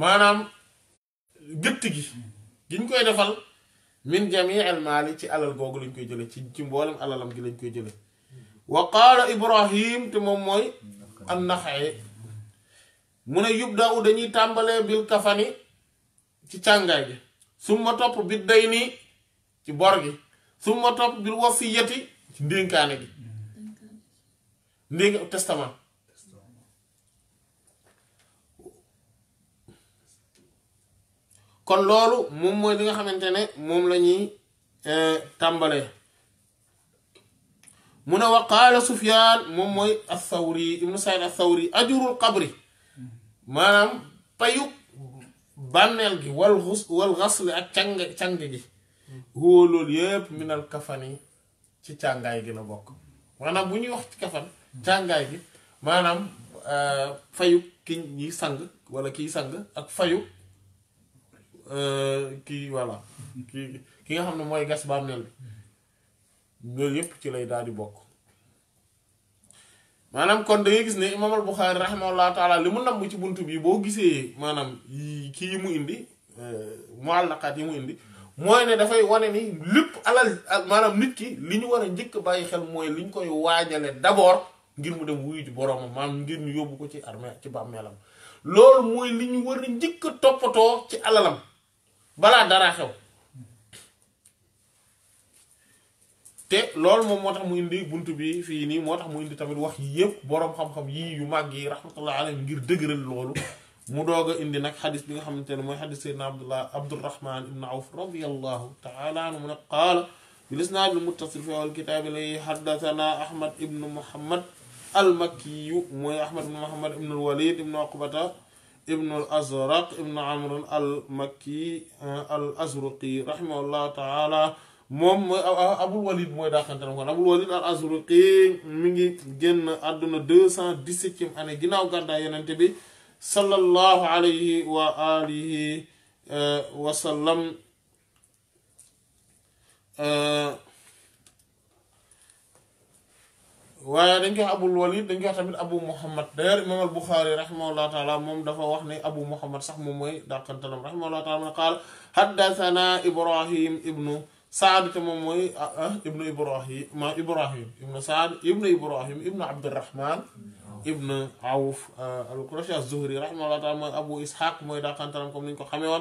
maanaam gëtt gi kiñ koy defal min jamii al ci alal googu lañ koy jële ci ci mboolem alalam gi lañ koy jële wa qaala ibrahim te moom mooy an naxaye mu ne yub daw dañuy tàmbalee bil kafani ci càngaay gi summa topp bi day nii ci bor gi summa topp bil wasiyati ci ndénkaane gi ndénk testament kon loolu moom mooy li nga xamante ne moom lañuy ñuy eh, tàmbalee mu ne wa qaala Sufyaan moom mooy athawri ibnu said athawri ajurul qabri maanaam payu bànneel gi wal xus wal xasli ak càng càng gi huwa loolu yépp minal kafani ci càngaay gi la bokk maanaam bu ñuy wax ci kafan càngaay gi maanaam eh, fayu ki ñi sang wala kiy sang ak fayu Euh, kii voilà ki ki nga xam ne mooy gas bàmmeel bi loolu yépp ci lay daal di bokk maanaam kon da gis ne imaam al Buxaari rahimahullahu taala li mu namb ci bunt bi boo gisee maanaam kii yi mu indi euh, muallaqaat yi mu indi mooy ne dafay wane ni lépp alal maanaam nit ki li ñu war a njëkk bàyyi xel mooy li ñu koy waajale d'abord ngir mu dem wuyu ji boroomam maanaam ngir ñu yóbbu ko ci armée ci bàmmeelam loolu mooy li ñu war a njëkk toppatoo ci alalam balaa daraa xew te loolu moom moo tax mu indi buntu bi fii nii moo tax mu indi tamit wax yi yëpp boroom xam-xam yii yu màgg yi rahmatullah alayhi ngir dëgëral loolu mu doog a indi nag xadis bi nga xamante ne mooy xadis seydna abdullah abdurrahman ibn awf radiallahu taala anhu mu ne qaala بالإسناد المتصل في أول كتاب إليه حدثنا أحمد بن محمد المكي أحمد بن محمد بن الوليد بن عقبة ابن الأزرق ابن عمرو المكي الأزرقي رحمه الله تعالى moom mooy abul walid mooy daaxanteram kon abul walid al azruqi mi ngi génn àdduna deux cent dix-septième année ginnaaw gàddaay yonente bi sallallahu alayhi wa alihi wa sallam waye dañ koy abul walid dañ koy tamit abu mohammed der imam al buxaari rahimahullah taala mom dafa wax ne abu mohammed sax moom mooy dàqantalam rahimahullah taala qala hadathana ibrahim ibnu saad te mom moy ibnu ibrahim ma ibrahim ibnu saad ibnu ibrahim ibnu alrahman ibnu awf al-qurashi az-zuhri rahimahullah taala mooy abu ishaq moy dàqantalam kom niñ ko xamé won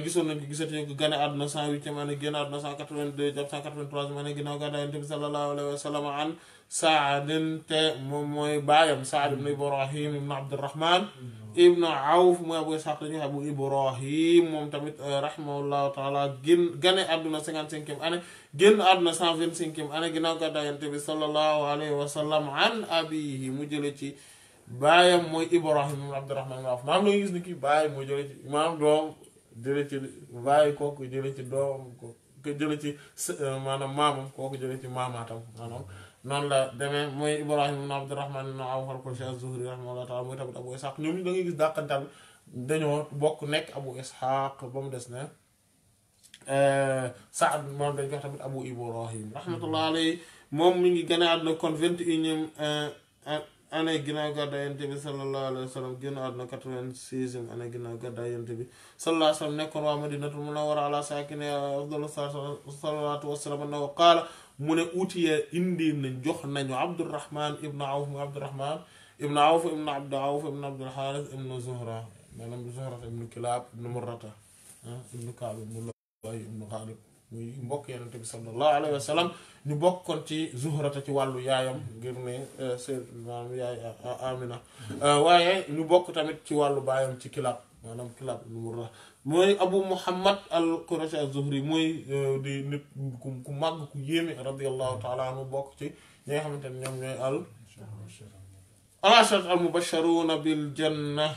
gisoon nañ ko gisati ñu ko gane àdduna mané gane génn 182 183 mané ginaaw ginnaaw gàddaay Yonent sallallahu alayhi wa sallam an saadin te moom mooy baayam saa ibnu ibrahim ibnu abdurahman ibnu awf mooy abu isxaq dañuy wax abu ibrahim moom tamit euh, rahimahullahu taala génn gane àdduna cinquante-cinquième année génn àdduna cent vingt-cinquième année ginnaaw gàddaay Yonent bi sallallahu alayhi wa sallam an abihi mu jële ci baayam mooy ibrahim ibnu abdurahman ibnu awf maam la gis ni kii baayam moo jële ci maam doom jële ci baay kooku jële ci doom ko jële ci euh, maanaam maamam kooku jële ci maamaatam maanaam noonu la demee mooy Ibrahim ibn na ibn Awf al-Qurashi a zuhri rahimahullah taala mooy tamit Abu Ishaq ñoom ñu da ngay gis dàqantal dañoo bokk nekk Abu Ishaq ba mu des ne euh, Saad moom dañ jox tamit Abu Ibrahim rahmatullah alayhi a mi ngi gën a àdduna kon vingt et unième euh, euh, année ginnaaw gàddaay Yonent bi sallallahu alayhi wa sallam génn a quatre-vingt-seizième année ginnaaw gàddaay Yonent bi sallallahu alayhi wa sallam nekkoon waa Madinatul Munawwara ala saakinihaa afdalu salaatu wa salaam annahu qaala mu ne outiyé indi ne jox nañu abdurrahman ibn awf abdurrahman ibn awf ibn abd awf ibn ibnu abdulxaaris ibn zuhra manam zuhra ibn kilab ibn murrata ibn kab ibn luay ibn xaalib muy mbokk yonent bi sallallahu alayhi wasallam sallam ñu bokkoon ci zuhra ta ci walu yaayam ngir ne seen maanaam yaay amina waye ñu bokk tamit ci walu bayam ci kilab manam kilab ibn murrata mooy abu muhammad al qurashi al zuhri mooy euh, di nit ku ku màgg ku yéeme radiallahu taala bokk ci ñi nga xamante ne ñoom ñooy al alashar al mubasharuna bil janna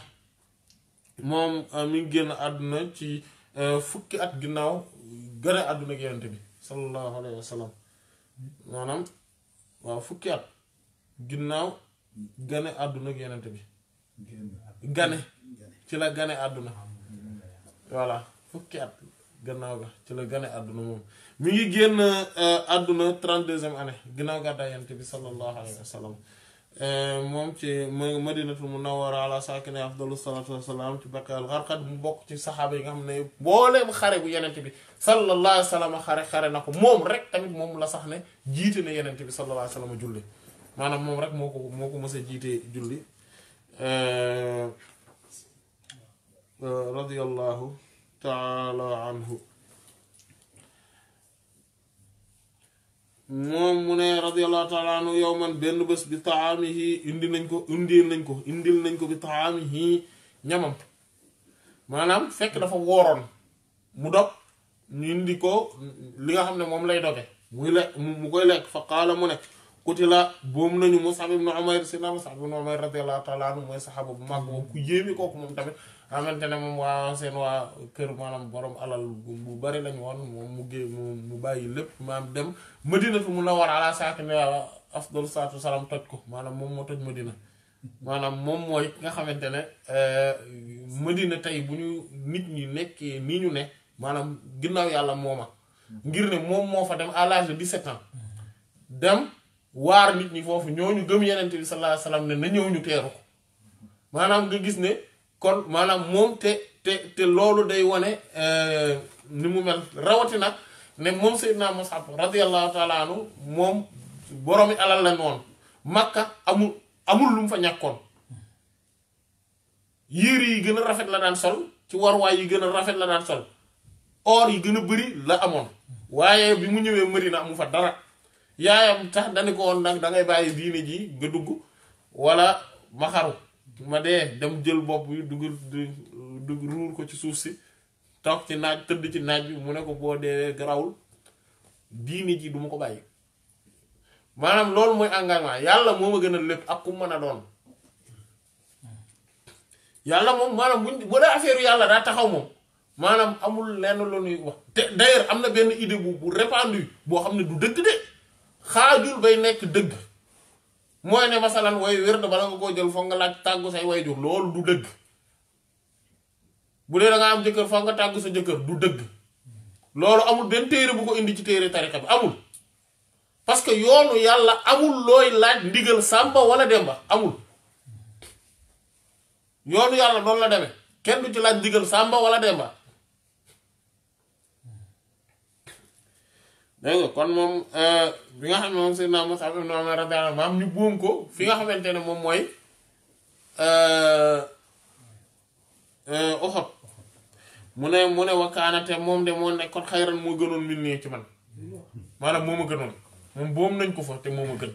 moom euh, mi génn àdduna ci euh, fukki at ginnaaw gën àdduna ak bi sallallahu alayhi wa sallam at ginnaaw gane àdduna ak bi gane ci la gane àdduna voilà fukki at gannaaw ga ci la gane àdduna moom mu ngi génn euh, àdduna trente-deuxième année gannaaw gàddaay yonent bi sallallahu alayhi wa sallam euh, moom ci madinatul munawwara ala saakine afdalu salaatu wasalaam ci bakkaal xarxat mu bokk ci saxaaba yi nga xam ne booleem xare bu yonent bi sallallahu alayhi wa sallam xare xare na ko moom rek tamit moom la sax ne jiite ne yonent bi sallallahu alayhi wa sallam julli maanaam moom rek moo ko moo ko mës a jiite taala anhu moom mu ne radiallahu taala anhu yow man benn bés bi taamihi indi nañ ko indi nañ ko indi nañ ko bi taamihi ñamam maanaam fekk dafa wooroon mu dog ñu indi ko li nga xam ne moom lay doge muy lekk mu koy lekk fa qaala mu ne la boom nañu mu ibn Umayr si na Mus'ab ibn Umayr radiallahu bu màgg boobu ku yéemi kooku moom tamit xamante ne moom waa seen waa kër maanaam borom alal bu bari lañ woon moom mu gé bàyyi lépp maanaam dem war madinatu munawwara ala saakine afdal salaatu salaam toj ko maanaam moom moo toj madina maanaam moom mooy nga xamante ne euh, madina tey bu ñu nit ñi nekkee nii ñu ne maanaam ginnaaw yàlla mooma ngir ne moom moo fa dem à l'âge de dem waar nit ñi foofu ñooñu gëm yenente bi sallallahu salaam wasallam ne na ñëw ñu teeru ko maanaam nga gis ne kon maanaam moom te te te loolu day wane euh, ni mu mel rawatina ne moom Seydina Mus'ab radiyallahu taala anhu moom boroomi alal la woon Makka amul amul lu mu fa ñàkkoon yére yi gën a rafet la daan sol ci warwaay yi gën a rafet la daan sol or yi gën bëri la amoon waaye bi mu ñëwee Madina amu fa dara yaayam tax dani ko woon nag dangay bàyyi diine ji nga dugg wala maxaru ma dee dem jël bopp bi dugg dugg ruur ko ci suuf si tax ci naaj tëdd ci naaj bi mu ne ko boo dee garawul diine ji duma ko bàyyi maanaam loolu mooy engagement yàlla moo ma gën a lépp ak ku mën a doon yàlla moom maanaam buñ bu dee affaire yàlla daa taxaw moom maanaam amul lenn lu ñuy wax te d'ailleurs am na benn idée bu bu répandue boo xam ne du dëgg de xaajul bay nekk dëgg mooy ne masalan way wérd bala nga koo jël foog nga laaj tàggu say way jur loolu du dëgg bu dee da nga am jëkkër foog nga tàggu sa jëkkër du dëgg loolu amul benn téere bu ko indi ci téere tarixa bi amul parce que yoonu yàlla amul looy laaj ndigal sàmba wala demba amul yoonu yàlla noonu la demee kenn du ci laaj ndigal sàmba wala demba kon moom euh, bi nga xam ne moom Seydina Mus'ab ibn Umayr radiyallahu anhu maam ñu buum ko fi nga xamante ne moom mooy euh, euh, Uhud mu ne mu moom de moo nekkoon xayran moo gënoon min nii ci man maanaam moo ma gënoon moom boom nañ ko fa te moo ma gën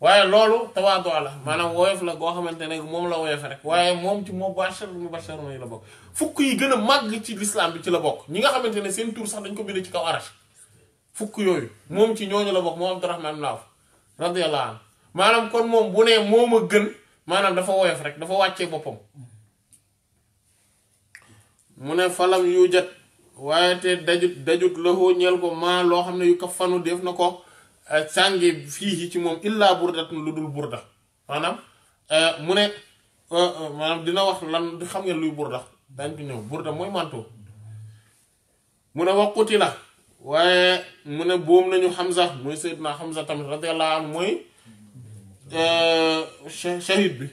waaye loolu tawaadu la maanaam woyof la goo xamante ne moom la woyof rek waaye moom ci moo bachar mu bachar yi la bokk fukk yi gën a màgg ci lislaam bi ci la bokk ñi nga xamante ne seen tur sax dañ ko bind ci kaw arash fukk yoy mom ci ñooñu la bok mo am Abdurahmaan ibn radiyallahu manam kon mom bu ne moma gën manam dafa woyof rek dafa wacce bopam mune falam yu jot wayate dajut dajut loxo ñel ko ma lo xamne yu ka fanu def nako eh, sangi fi fii ci mom illa burdat ludul burda maanaam eh, Mune, ne eh, manam dina wax lan xam nga luy burda dañ ko burda moy manto mune waqutila waye mu boom nañu Hamza moy sayyidna Hamza tam radiyallahu anhu moy euh shahid bi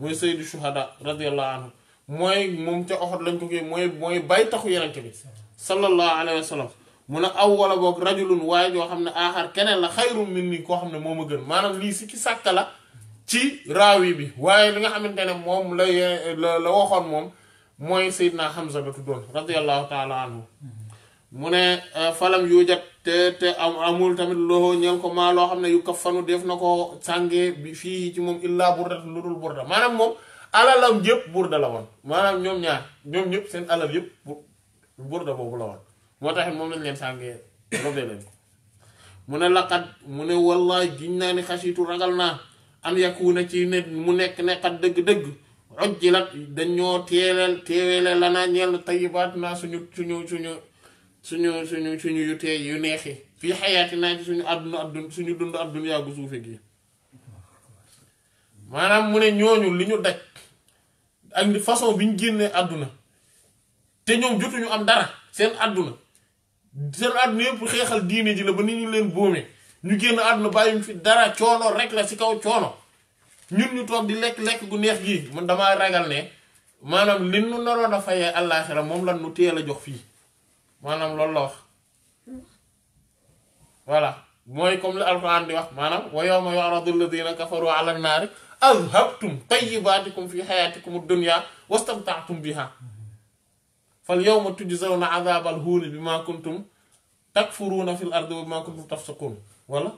moy Seydi Shuhada radiyallahu anhu moy moom ci Uhud lañ ko kii moy mooy bay taxu yenente bi sallallahu alayhi wasallam sallam awwala bok rajulun way jo xamne akhar kenen la xayrum minni ko xamne moma gën manam li ci ki sàkka la ci rawi bi waye li nga xamantene mom la la waxon mom moy sayyidna Hamza ba tudon radiyallahu taala anhu mu ne ah, falam yuujat te te amul tamit loxo ñeel ko maa loo xam ne yu kaf def na ko sànge bi fii ci moom illaa burda lu dul burda maanaam moom alalam yëpp burda la woon maanaam ñoom ñaar ñoom ñëpp seen alal yëpp burda boobu moom lañ leen sàngee mu ne laqat mu ne wallaay giñ naa ni xasiitu ragal naa am yakuuna ci ne mu nekk nekkat dëgg-dëgg ojjilat dañoo teeleel teeweele lanaa ñeel tayibaat naa suñu suñu suñu suñu suñu suñu yu tey yu neexi fii xayaati naa ci suñu àdduna addun suñu dund addun yaa gu suufe gi maanaam mu ne ñooñu li ñu daj ak façon bi ñu génnee àdduna te ñoom jotuñu am dara seen àdduna seen àdduna yëpp xeexal diine ji la ba ni ñu leen boomee ñu génn àdduna ñu fi dara coono rek la ci kaw coono ñun ñu toog di lekk-lekk gu neex gi man damaa ragal ne maanaam li nu naroon a fayee àllaaxira moom la nu teel a jox fii manam lol la wax voilà moy comme le alcorane di wax manam wa yawma yu'radu alladhina kafaru ala an-nari adhabtum tayyibatikum fi hayatikum ad-dunya wastamta'tum biha fal yawma tujzauna adhab al-hun bima kuntum takfuruna fil ardi bima kuntum tafsukun wala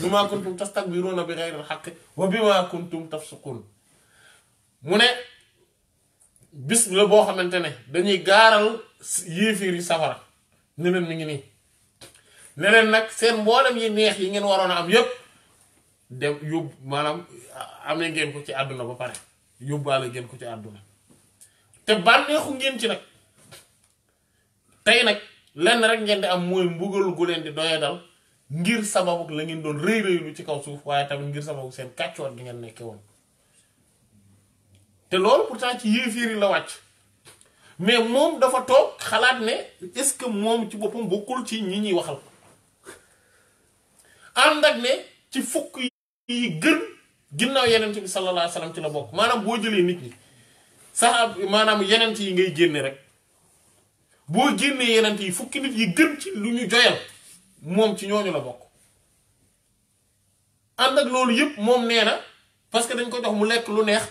bima kuntum tastakbiruna bi ghayri al haqq wa bima kuntum tafsukun mune bis la boo xamante dañuy garal yéeféer yi safara ne leen mi ngi nii ne nag seen mboolem yi neex yi ngeen waroon a am yépp dem yóbbu maanaam amee ngeen ko ci àdduna ba pare yóbbaale ngeen ko ci àdduna te bànneexu ngeen ci nag tey nag lenn rek ngeen di am mooy mbugal gu leen di doya dal ngir sababu la ngeen doon rëy rëylu ci kaw suuf waaye tamit ngir sababu seen kàccoor di ngeen nekke woon te loolu pourtant ci yéeféer yi la wàcc mais moom dafa toog xalaat ne est-ce que moom ci boppam bokkul ci ñi ñuy waxal ànd ak ne ci fukk yi gën ginnaaw yenent bi sallallahu alayhi ci la bokk maanaam boo jëlee nit ñi saxaab maanaam yenent yi ngay génne rek boo génnee yenent yi fukki nit yi gën ci lu ñu joyal moom ci ñooñu la bokk ànd ak loolu yëpp moom nee na parce que dañ ko jox mu lekk lu neex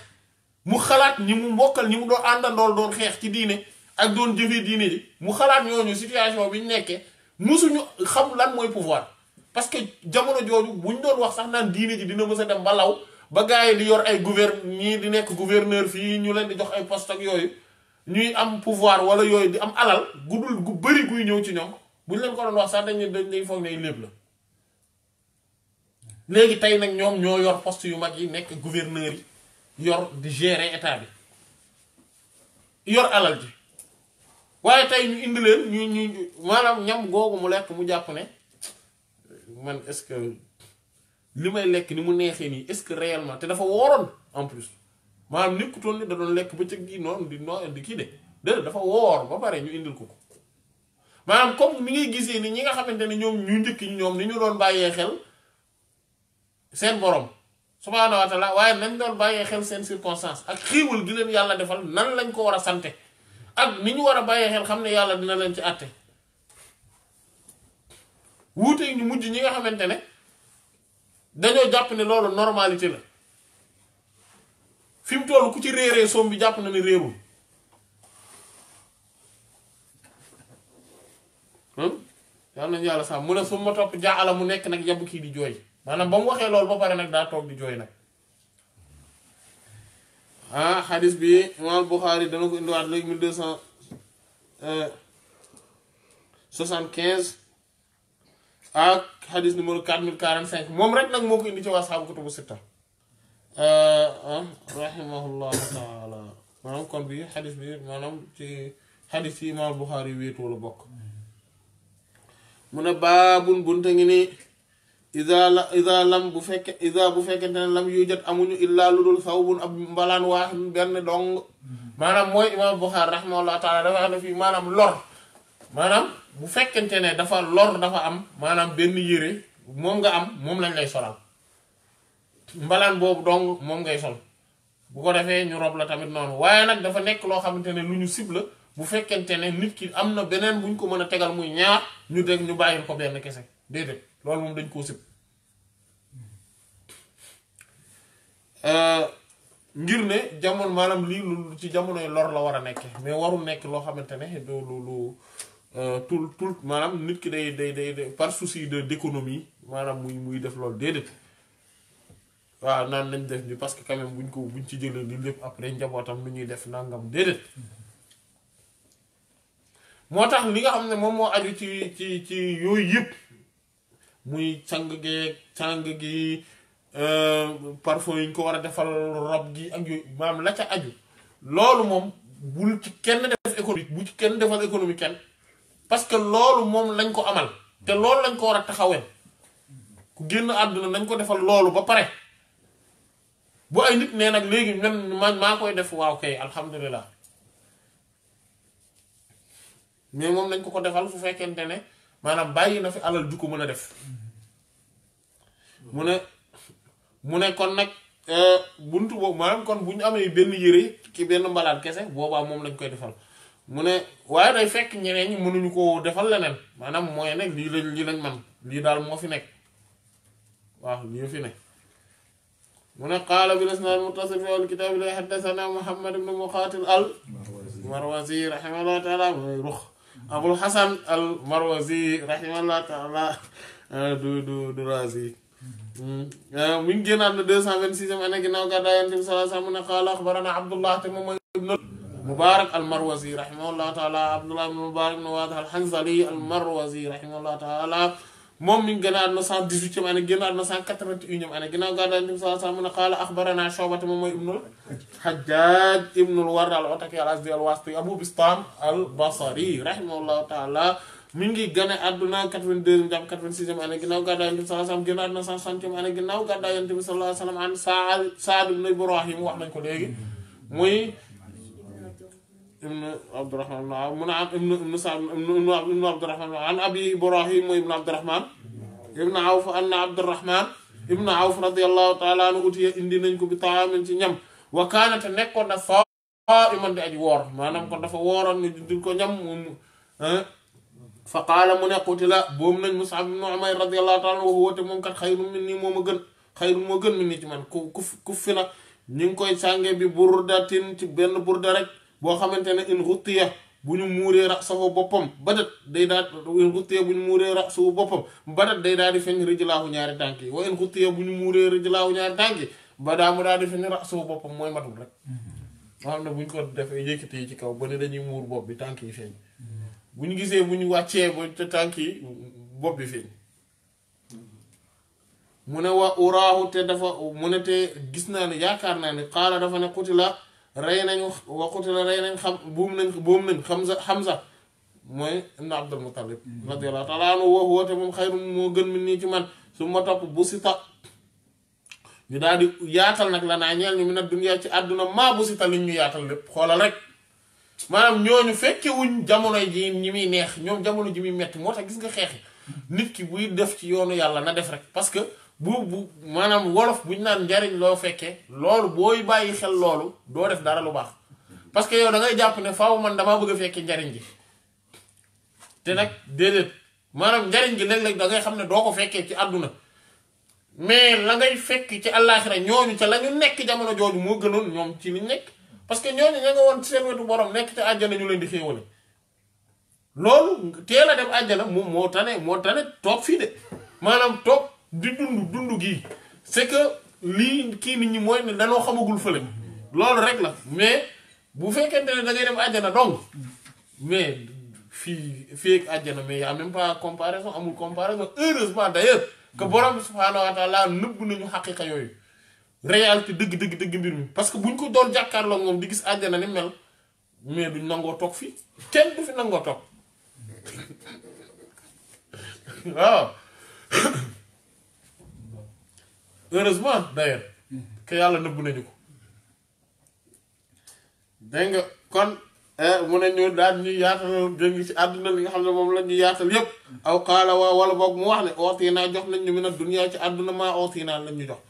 mu xalaat ñi mu mbokkal ñi mu doon àndandool doon xeex ci diine ak doon jëfee diine ji mu xalaat ñooñu situation bi ñu nekkee suñu xam lan mooy pouvoir parce que jamono jooju ñu doon wax sax naan diine ji dina mës a dem ba law ba gars di yor ay gouverne ñii di nekk gouverneur fii ñu leen di jox ay post ak yooyu ñuy am pouvoir wala yooyu di am alal gudul gu bëri guy ñëw ci ñoom buñ leen ko doon wax sax dañ dañ dañ foog ne lépp la léegi tey nag ñoom ñoo yor poste yu mag yi nekk gouverneur yi yor di gérer état bi yor alal ji waaye tey ñu indi leen ñu ñu maanaam ñam googu mu lekk mu jàpp ne man est que li may lekk ni mu neexee nii est-ce que réellement te dafa wooroon en plus maanaam nekkutoon ni da doon lekk bëccëg gi noonu di noonu di kii de déedéet dafa woor ba pare ñu indil ko ko maanaam comme ni ngay gisee ni ñi nga xamante ne ñoom ñu njëkk ñi ñoom ni ñu doon bàyyee xel seen borom. subhaanahu wa taala waaye nañ doon bàyyee xel seen circonstance ak xiiwal gi leen yàlla defal nan lañ ko war a sante ak ni ñu war a bàyyee xel xam ne yàlla dina leen ci àtte wuuteeg ñu mujj ñi nga xamante ne dañoo jàpp ne loolu normalité la fi mu ku ci réeree soom bi jàpp na ne réerul hmm? yàlla nañu yàlla sax mu ne su ma topp jaaxala mu nekk nag yabu kii di jooy manam bam waxe lol ba pare nak da tok di joy nak ah hadith bi imam bukhari dana ko indiwaat léegi mille deux cent euh, soixante ak hadith numero 4045 mom quarante cinq moom rek nag moo ko indi ci waa saabu kutubu sitta euh, ah, rahimahullahu taala manam kon bi hadith bi manam ci hadith imam bukhari Buxaari wéetu wala bokk mu ne baabun bunte ida la lam bu fekke ida bu fekke tane lam yu jot amuñu illa lulul dul sawbun ab mbalan waaxin ben dong manam moy imam bukhari rahmalahu taala dafa xam fi manam lor manam bu fekkente ne dafa lor dafa am manam beni yere mom nga am mom lañ lay solal mbalan bobu dong mom ngay sol bu ko defé ñu rob la tamit non waye nak dafa nekk lo xamantene ne cible bu fekkente ne nit ki amna benen buñ ko mëna tégal tegal muy ñaar ñu dégg ñu bayil ko ben kese dédé loolu moom dañ koo sib euh, ngir ne jamono maanaam lii lu ci jamonoy lor la war a nekke mais warul nekk loo xamante ne du lu lu tout euh, tout maanaam nit ki day day day par souci de d'économie maanaam muy muy def loolu déedéet waaw naan nañ def ni parce que quand buñ ko buñ ci jëlee li lépp après njabootam lu ñuy def nangam déedéet moo tax li nga xam ne moom moo aju ci ci ci yooyu yëpp muy sang geeg sang gi euh, parfum yi ñu ko war a defal rob gi ak yooyu maam la ca aju loolu moom bu ci kenn def économique bu kenn defal économique kenn parce que loolu moom lañ ko amal te loolu lañ ko war a taxawee ku génn àdduna nañ ko defal loolu ba pare bu ay nit nee nag léegi man maa koy def waaw kay alhamdulilah mais moom nañ ko ko defal fu fekkente ne maanaam bàyyi na fi alal ju ko mën a def mu ne mu ne kon nag euh, buntu boobu maanaam kon bu ñu amee benn yére ci benn mbalaat kese boobaa moom lañ koy defal mu ne waaye day fekk ñeneen ñi mënuñu ko defal leneen maanaam mooy nag lii lañ lii lañ man lii daal moo fi nekk waaw lii fi nekk mu ne qaala bil isnaad muttasil fi al-kitaab li haddasanaa Muhammad ibn Muqaatil al-Marwazi rahimahullah taala mooy rux abul xasan al marwazi rahimahullah taala euh, du du du razi hmm. euh, mi ngi génnaat na deux cent vingt sixième année ginnaaw gàddaay yonent bi sallallahu alayhi wa sallam mu ne qaala axbarana abdullah te moom mooy ibnul mubarak al marwazi rahimahullah taala abdullah ibn mubarak ibn wadah al hanzali al marwazi rahimahullah taala moom mi ngi gën a àdduna cent dix huitième année génn àdduna cent quatre vingt unième année ginnaaw gàddaa nabi sallallahu wa sallam mu ne qaala axbaranaa Shu'bata moom Abu Bistaam al-Basri rahimahullahu taala mi ngi gën a àdduna quatre vingt deuxième jàpp quatre vingt sixième année ginnaaw gàddaa wa sallam àdduna cent soixantième année ginnaaw gàddaa nabi sallallahu alayhi wa sallam an Saad ibn Ibrahim wax nañ ko léegi ibnu abdurahman ah, mu ne am ibnu ibnu sa ibnu abdurahman ah, an abi ibrahim ibnu abdurahman ibnu awf anna abdurahman ibnu awf radiallahu taala anu utiya indi nañ ko bi taamin ci ñam wa kaana te nekkoon na fa iman di aji woor maanaam kon dafa wooroon nga juddil ko ñam mu ah. fa qaala mu ne qutila boobu nañ Mus'ab ibn Umayr radiyallahu ta'ala anhu woote moom kat xayrun minnii moo ma gën xayrun moo gën minnii ci man ku ku bi burdatin ci benn burda boo xamante ne in ruttiya bu ñu muuree ra safa boppam badat day daal in ruttiya bu ñu muuree ra safa boppam badat day daal di feeñ rëjlaahu ñaari tànk yi wa in ruttiya bu ñu muuree rëjlaahu ñaari tànk yi ba daa mu daal di feeñ ra safa boppam mooy matul rek moo xam ne bu ñu ko defee yëkkatee ci kaw ba ne dañuy muur bopp bi tànk yi feeñ bu ñu gisee bu ñu wàccee ba te tànk yi bopp bi feeñ mu ne wa uraahu te dafa mu ne te gis naa ne yaakaar naa ne xaala dafa rey nañu waqutila rey nañ xam buum nañ buum nañ Hamza Hamza mooy ibn Abdul Muttalib mm-hmm. radiyallahu taala anhu woo woote moom xayru moo gën mi nii ci man su ma topp bu si ta ñu daal di yaatal nag la naa ñeel ñu min a duniyaa ci àdduna maa bu si ta liñ ñu yaatal lépp xoolal rek maanaam ñooñu fekke wuñ jamono ji ñi muy neex ñoom jamono ji muy metti moo tax gis nga xeexi mm-hmm. nit ki buy def ci yoonu yàlla na def rek bu bu maanaam wolof bu ñu naan njariñ loo fekkee loolu booy bàyyi xel loolu doo def dara lu baax parce que yow da ngay jàpp ne faaw man damaa bëgg a fekkee njariñ gi te nag déedéet maanaam njariñ gi léeg-léeg da ngay xam ne doo ko fekkee ci àdduna mais la ngay fekk ci àllaaxira ñooñu ca la ñu nekk jamono jooju moo gënoon ñoom ci liñ nekk parce que ñooñu ña nga woon seen wetu borom nekk te àjjana ñu leen di xéewale loolu teel a dem àjjana moom moo tane moo tane toog fii de maanaam toog. di dund dund gii c'est que lii kii nit ñi mooy ne danoo xamagul fële loolu rek la mais bu fekkente ne da dem àjjana donc mais fii fii ak àjjana mais y a même pas comparaison amul comparaison heureusement d'ailleurs que borom subhaanahu wa taala nëbb nañu xaqiqa yooyu réalité dëgg dëgg dëgg mbir mi parce que buñ ko doon jàkkaarloo moom di gis àjjana ni mel mais duñ nangoo toog fii kenn du fi nangoo toog waaw. heureusement d'ailleurs que yàlla nëbb nañu ko dégg nga kon eh, mu ne ñu daal ñuy yaatal dégg ci àdduna li nga xam ne moom la ñuy yaatal yépp aw xaala waa wala boog mu wax ne ootinaa jox nañ ñu mi nag duniyaa ci àdduna maa ootinaa lañ ñu jox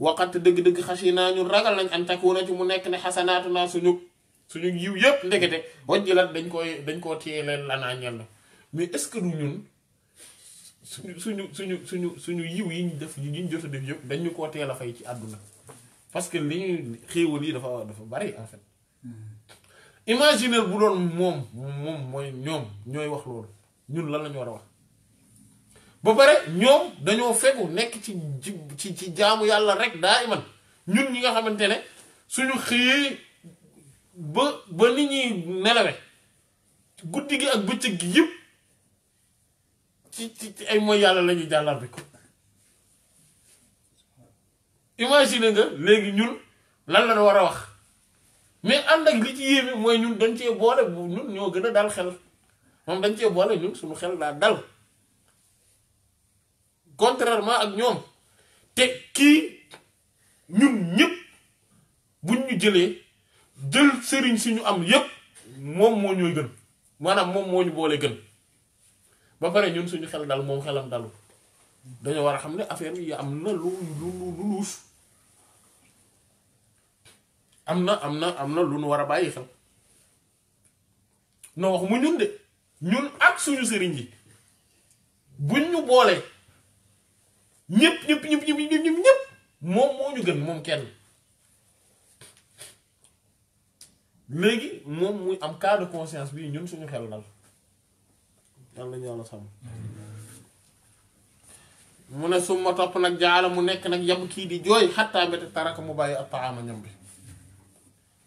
waxat dëgg-dëgg xasi naa ñu ragal nañ an takuna ci mu nekk ni xasanaatu naa su ñu yiw yépp ndekete wajjilat dañ koy dañ koo téye leen lanaa ñel mais est ñun suñu suñu suñu suñu suñu yiw yi def yi ñu jot a def yëpp dañu koo teel a fay ci àdduna parce que li ñuy xéewal yi dafa dafa bari en fait imaginer bu doon moom moom mooy ñoom ñooy wax loolu ñun lan lañu war a wax ba pare ñoom dañoo fegu nekk ci ci ci jaamu yàlla rek daa iman ñun ñi nga xamante ne suñu xëyee ba ba nit ñuy nelawe guddi gi ak bëccëg gi yëpp ci ci ay mooy yàlla la ñuy jàllarbi ko imagine nga léegi ñun lan la war a wax mais ànd ak li ci yéeme mooy ñun dañ cee boole bu ñun ñoo gën a dal xel moom dañ cee boole ñun suñu xel daa dal contrairement ak ñoom te kii ñun ñëpp buñ ñu jëlee jël sëriñ si ñu am yépp moom moo ñooy gën maanaam moom moo ñu boolee gën ba pare ñun suñu xel dal moom xelam dalu dañoo war a xam ne affaire yi am na lu lu lu luus am na am na am lu nu war a bàyyi xel non wax mu ñun de ñun ak suñu sëriñ yi buñ ñu boole ñëpp ñëpp ñëpp ñëpp ñëpp moom moo ñu gën moom kenn léegi moom muy am cas conscience bii ñun suñu xel dal yàlla nañu yàlla sàmm mu ne su topp nag jaala mu nekk nag yam kii di jooy xattaa mbete taraka mu bàyyi ak taama ñam bi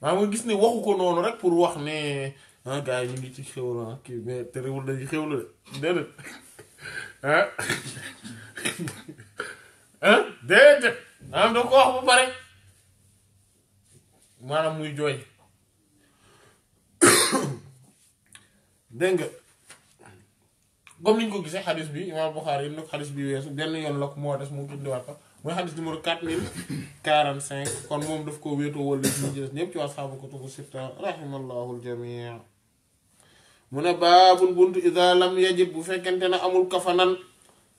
maa nga gis ne waxu ko noonu rek pour wax ne ah yi ñu ngi ci xewlu ah kii mais te réewul dañuy xewlu de déedéet ah ah déedéet maanaam da ko wax ba pare maanaam muy jooy dégg comme ni ñu ko gisee xalis bi a Buxaari yi nag xadis bi weesu benn yoon la ko moo des mu tuddiwaat ko mooy xadis numéro 4045 kon moom daf ko wéetoo wala ñu jël ñëpp ci ashaabu kutubu sitta rahimallahu aljamii mu ne baabul buntu bu fekkente ne amul kafanan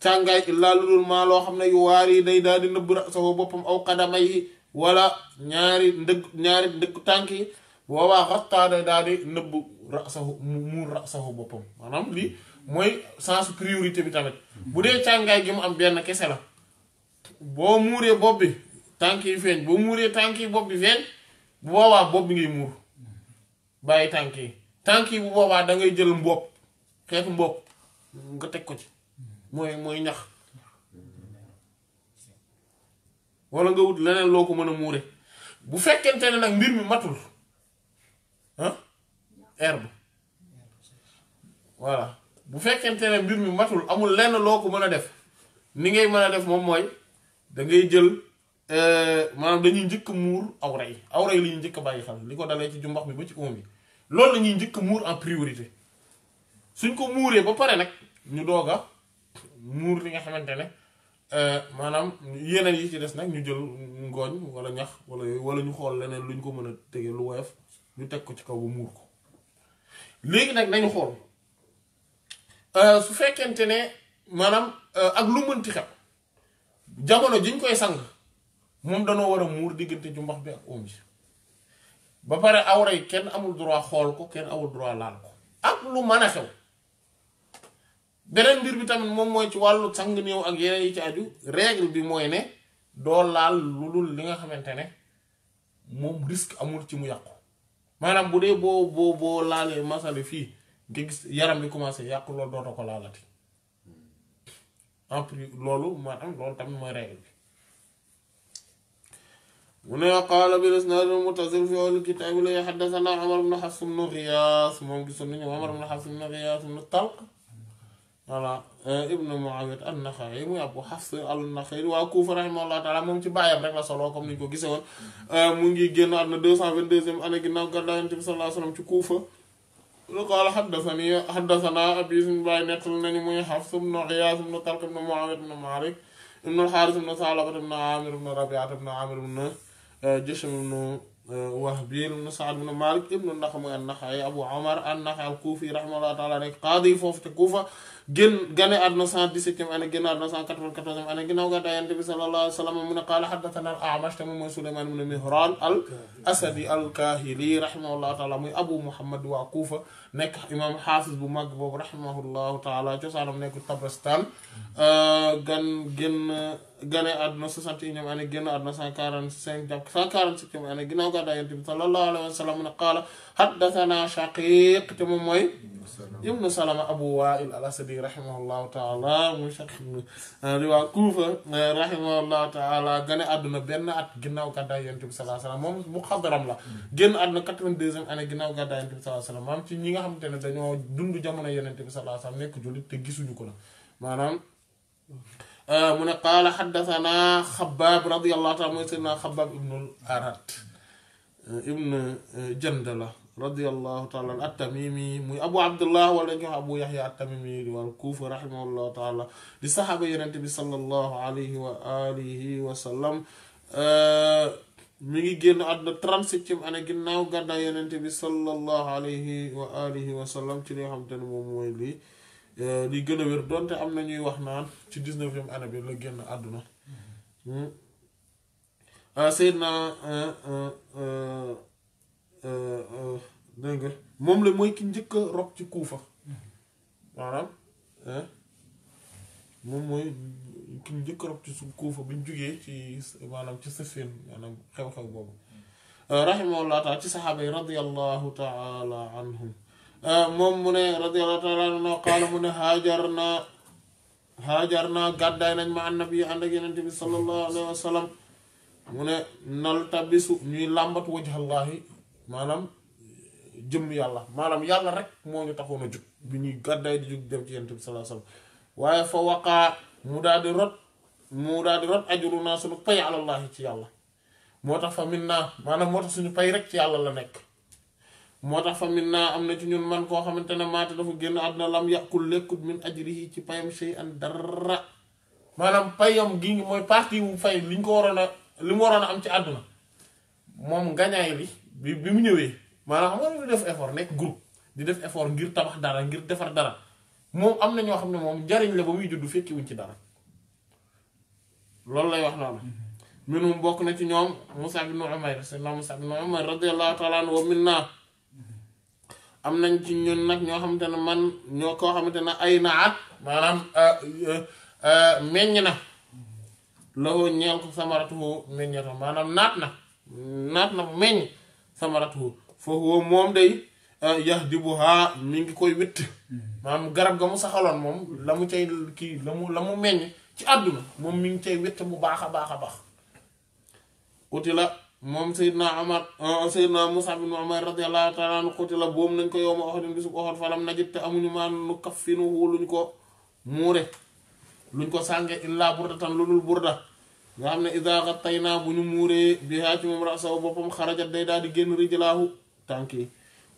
càngaay illaa lu dul maa loo xam ne yu waar yi day daal di nëbb rasahu boppam aw xadama yi wala ñaari ndëgg ñaari ndëgg tànk yi boobaa xastaa day daal di nëbb rasahu muur rasahu boppam maanaam lii mooy sensu priorité bi tamit bu dee càngaay gi mu am benn kese la boo muuree bopp bi tànk yi feeñ boo muuree tànk yi bopp bi feeñ bu boobaa bopp bi ngay muur bàyyi tànk yi tànk yi bu boobaa da ngay jël mbopp xeetu mbopp nga teg ko ci mooy mooy ñax walla nga wut leneen loo ko mën a muure bu fekkente ne nag mbir mi matul ah herbe voilà bu fekkente ne mbir mi matul amul lenn loo ko mën a def ni ngay mën a def moom mooy da ngay jël euh, maanaam dañuy njëkk muur aw rey aw rey li ñuy njëkk bàyyi xam li ko dalee ci jumbax mi ba ci oom yi loolu la ñuy njëkk muur en priorité suñ ko muuree ba pare nag ñu doog a muur li nga xamante ne euh, maanaam yeneen yi ci des nag ñu jël ngooñ wala ñax wala wala ñu xool leneen luñ ko mën a tege lu woyof ñu teg ko ci kaw ba muur ko léegi nag nañu xool. Euh, su fekkente ne maanaam euh, ak lu mënti xew jamono jiñ koy sang moom danoo war a muur diggante ju mbax bi ak oom ji ba pare awra yi kenn amul droit xool ko kenn amul droit laal ko ak lu mën a xew beneen mbir bi tamit moom mooy ci wàllu sang néew ak yeneen yi ci aju règle bi mooy ne doo laal lu dul li nga xamante ne moom risque amul ci mu yàqu maanaam bu dee boo boo boo laalee masale fii nga gis yaram bi commencé yàqu loolu dootoo ko laalati en plus loolu maanaam loolu tamit mooy règle bi mu ne qaala bil isnaad al muttasil fi al kitaab la xaddasana Umar ibn Hafs ibn Ghiyaas moom gisoon nañu Umar ibn Hafs ibn Ghiyaas ibn Talq voilà ibn Muawiyah an-Naxa'i muy Abu Hafs an-Naxa'i waa mu ngi génn àdduna deux cent vingt-deuxième année ginnaaw gàddaay Yonent bi sallallahu alayhi ci Kuufa lu qaala xaddasani xaddasanaa abi suñu baay nettali nañu muy Hafs ibnu Giyaas ibnu Talq ibnu Muhammad ibnu Maalik ibnu Alxaaris ibnu Salaba ibnu Aamir ibnu Rabiata ibnu Aamir ibnu Jushm ibnu Wahbil ibn Saad ibn Malik ibn Nakhm an-Nakha'i Abu Umar an-Nakha'i al-Kufi rahimahullah ta'ala nekk qaadi foofu te Kufa gën gane àdduna 117e année génn àdduna 194e année ginnaaw ga Yonent bi sallallahu alayhi wa sallam mu ne qaala haddathanaa al-A'mash te moom mooy Sulaymaan ibn Mihraan al-Asadi al-Kaahili rahimahullah ta'ala muy Abu Muhammad waa Kufa nekk imaam xaafis bu mag boobu rahimahullahu taala cosaanam nekk Tabaristan gan génn gane àdduna soixante-et-unième année génn àdduna cent quarante-cinq jàpp cent quarante-septième année ginnaaw gàddaay Yonent bi sallallahu alayhi wa sallam ne qaala haddathana Shaqiq te moom mooy ibnu salama abu wail al asadi rahimahullahu taala muy shaq euh, di waa kuufa euh, rahimahullahu taala gane àdduna benn at ginnaaw gàddaay yonent bi salaam moom mu xadaram la mm. génn àdduna quatre-vingt-deuxième année ginnaaw gàddaay yonent bi salaam maanaam ci ñi nga xamante ne dañoo dundu jamono yonent bi salaa salaam nekk jullit te gisuñu ko la maanaam euh, mu ne qaala xaddasanaa xabaab radiallahu taala mooy seydnaa xabaab ibnul arat ibn jënd la رضي الله تعالى التميمي مي ابو عبد الله ولا نيو ابو يحيى التميمي والكوفي رحمه الله تعالى دي صحابه يونتي صلى الله عليه واله وسلم ا ميغي ген ادنا 37 انا غيناو غدا يونتي بي صلى الله عليه واله وسلم تي لي خمتن مو موي لي لي غنا وير دونت ام لا نيو انا بي لا ген ادنا ا سيدنا dégg nga moom la mooy ki njëkk a rob ci kuufa maanaam moom mooy ki njëkk a rob ci kuufa bi ñu jugee ci maanaam ci sëfeen maanaam xew-xew boobu rahimahullah taala ci saxaaba yi radiallahu taala anhum moom mu ne radiallahu taala anhu qaala mu ne haajar naa haajar naa gàddaay nañ ma annabi ànd ak yenente bi sallallahu alayhi wa sallam mu ne naltabisu ñuy làmbat wajhallahi maanaam jëm yàlla maanaam yàlla rek moo ñu taxoon a jug bi ñuy gàddaay di jug dem ci yonent bi sallallahu alayhi waaye fa waqaa mu daal di rot mu daal di rot ajuru naa suñu pay alallahi ci yàlla moo tax fa min naa maanaam moo tax suñu pay rek ci yàlla la nekk moo tax fa min naa am na ci ñun man koo xamante ne maata dafa génn àdduna lam yàqul lekkut min ajrihi ci payam shay an dara maanaam payam gi mooy parti wu fay li ñu ko waroon a li mu waroon a am ci àdduna moom ngañaay li bi bi mu ñëwee maanaam xam nga def effort nekk groupe di def effort ngir tabax dara ngir defar dara moom am na ñoo xam ne moom jariñ la ba muy juddu fekki wuñ ci dara loolu lay wax noonu. minhum bokk na ci ñoom Musa ibn Umayr sayyidina Musa ibn Umayr radiyallahu ta'ala anhu wa minna am nañ ci ñun nag ñoo xamante ne man ñoo koo xamante ne ay naat maanaam euh, euh, euh, meññ na loxo ñeel ko samaratu meññeto maanaam naat na naat na meññ. samaratu fo huwa mom day eh, yahdibuha mi ngi koy wit manam garab ga mu mom lamu cai mu lamu lamu la mu ci aduna mom mi ngi cay witt bu baxa a baax mom baax uti la moom Seydina bin Umar eh, radiyallahu taala anhu xuti nañ ko yoma ma bisu ko xol falam najit te amuñu man nu kaffinu luñ ko mure luñ ko sangé illa burda tan lulul burda nga am na idaaxa tay naa bu ñu muuree bihaa ci moom rasaw boppam xarajat day daal di génn rijlaahu tànk yi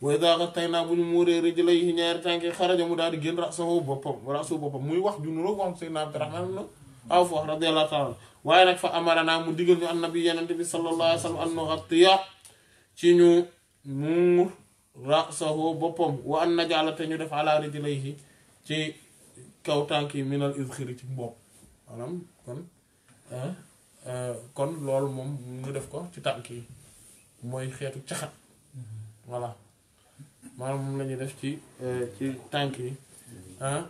wa idaaxa tay naa bu ñu muuree rijlay yi ñaari tànk yi xaraja mu daal di génn rasaw boppam rasaw boppam muy wax ju nuroog wax Seydina Abdurahmaan na aw foox radiyallahu taala waaye nag fa amaranaa mu digal ñu annabi yenente bi sallallahu alayhi wa sallam an nuxattiya ci ñu muur rasahu boppam wa an najaala te ñu def ala rijlayhi ci kaw tànk yi minal izxiri ci mbopp Euh, kon loolu moom nga def ko ci tànk yi mooy xeetu caxat voilà maanaam moom la ñuy def ci euh, ci tànk yi ah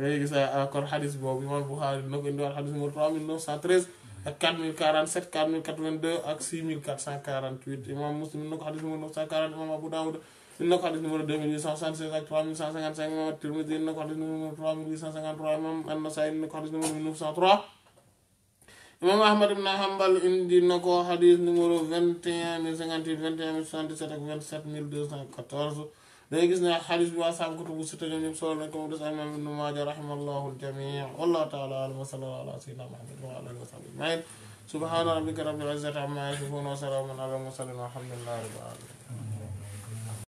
léegi euh, sa kon xadis boobu imaam Buxaari dina ko indiwaat xadis numéro 3913 ak 4047 4082 ak 6448 imam Muslim dina ko xadis numéro 940 imaam Abu Daawud dina ko xadis numéro 2876 ak 3155 imaam Tirmidi dina ko xadis numéro 3853 imaam An-Nasaa'i dina ko xadis numéro 1903 imam ahmad ibn hanbal indi nako hadith numéro 21 21077 ak 27214 day gis ne hadis bi waa sahabu ko moom des imam ibn maaja rahimallahu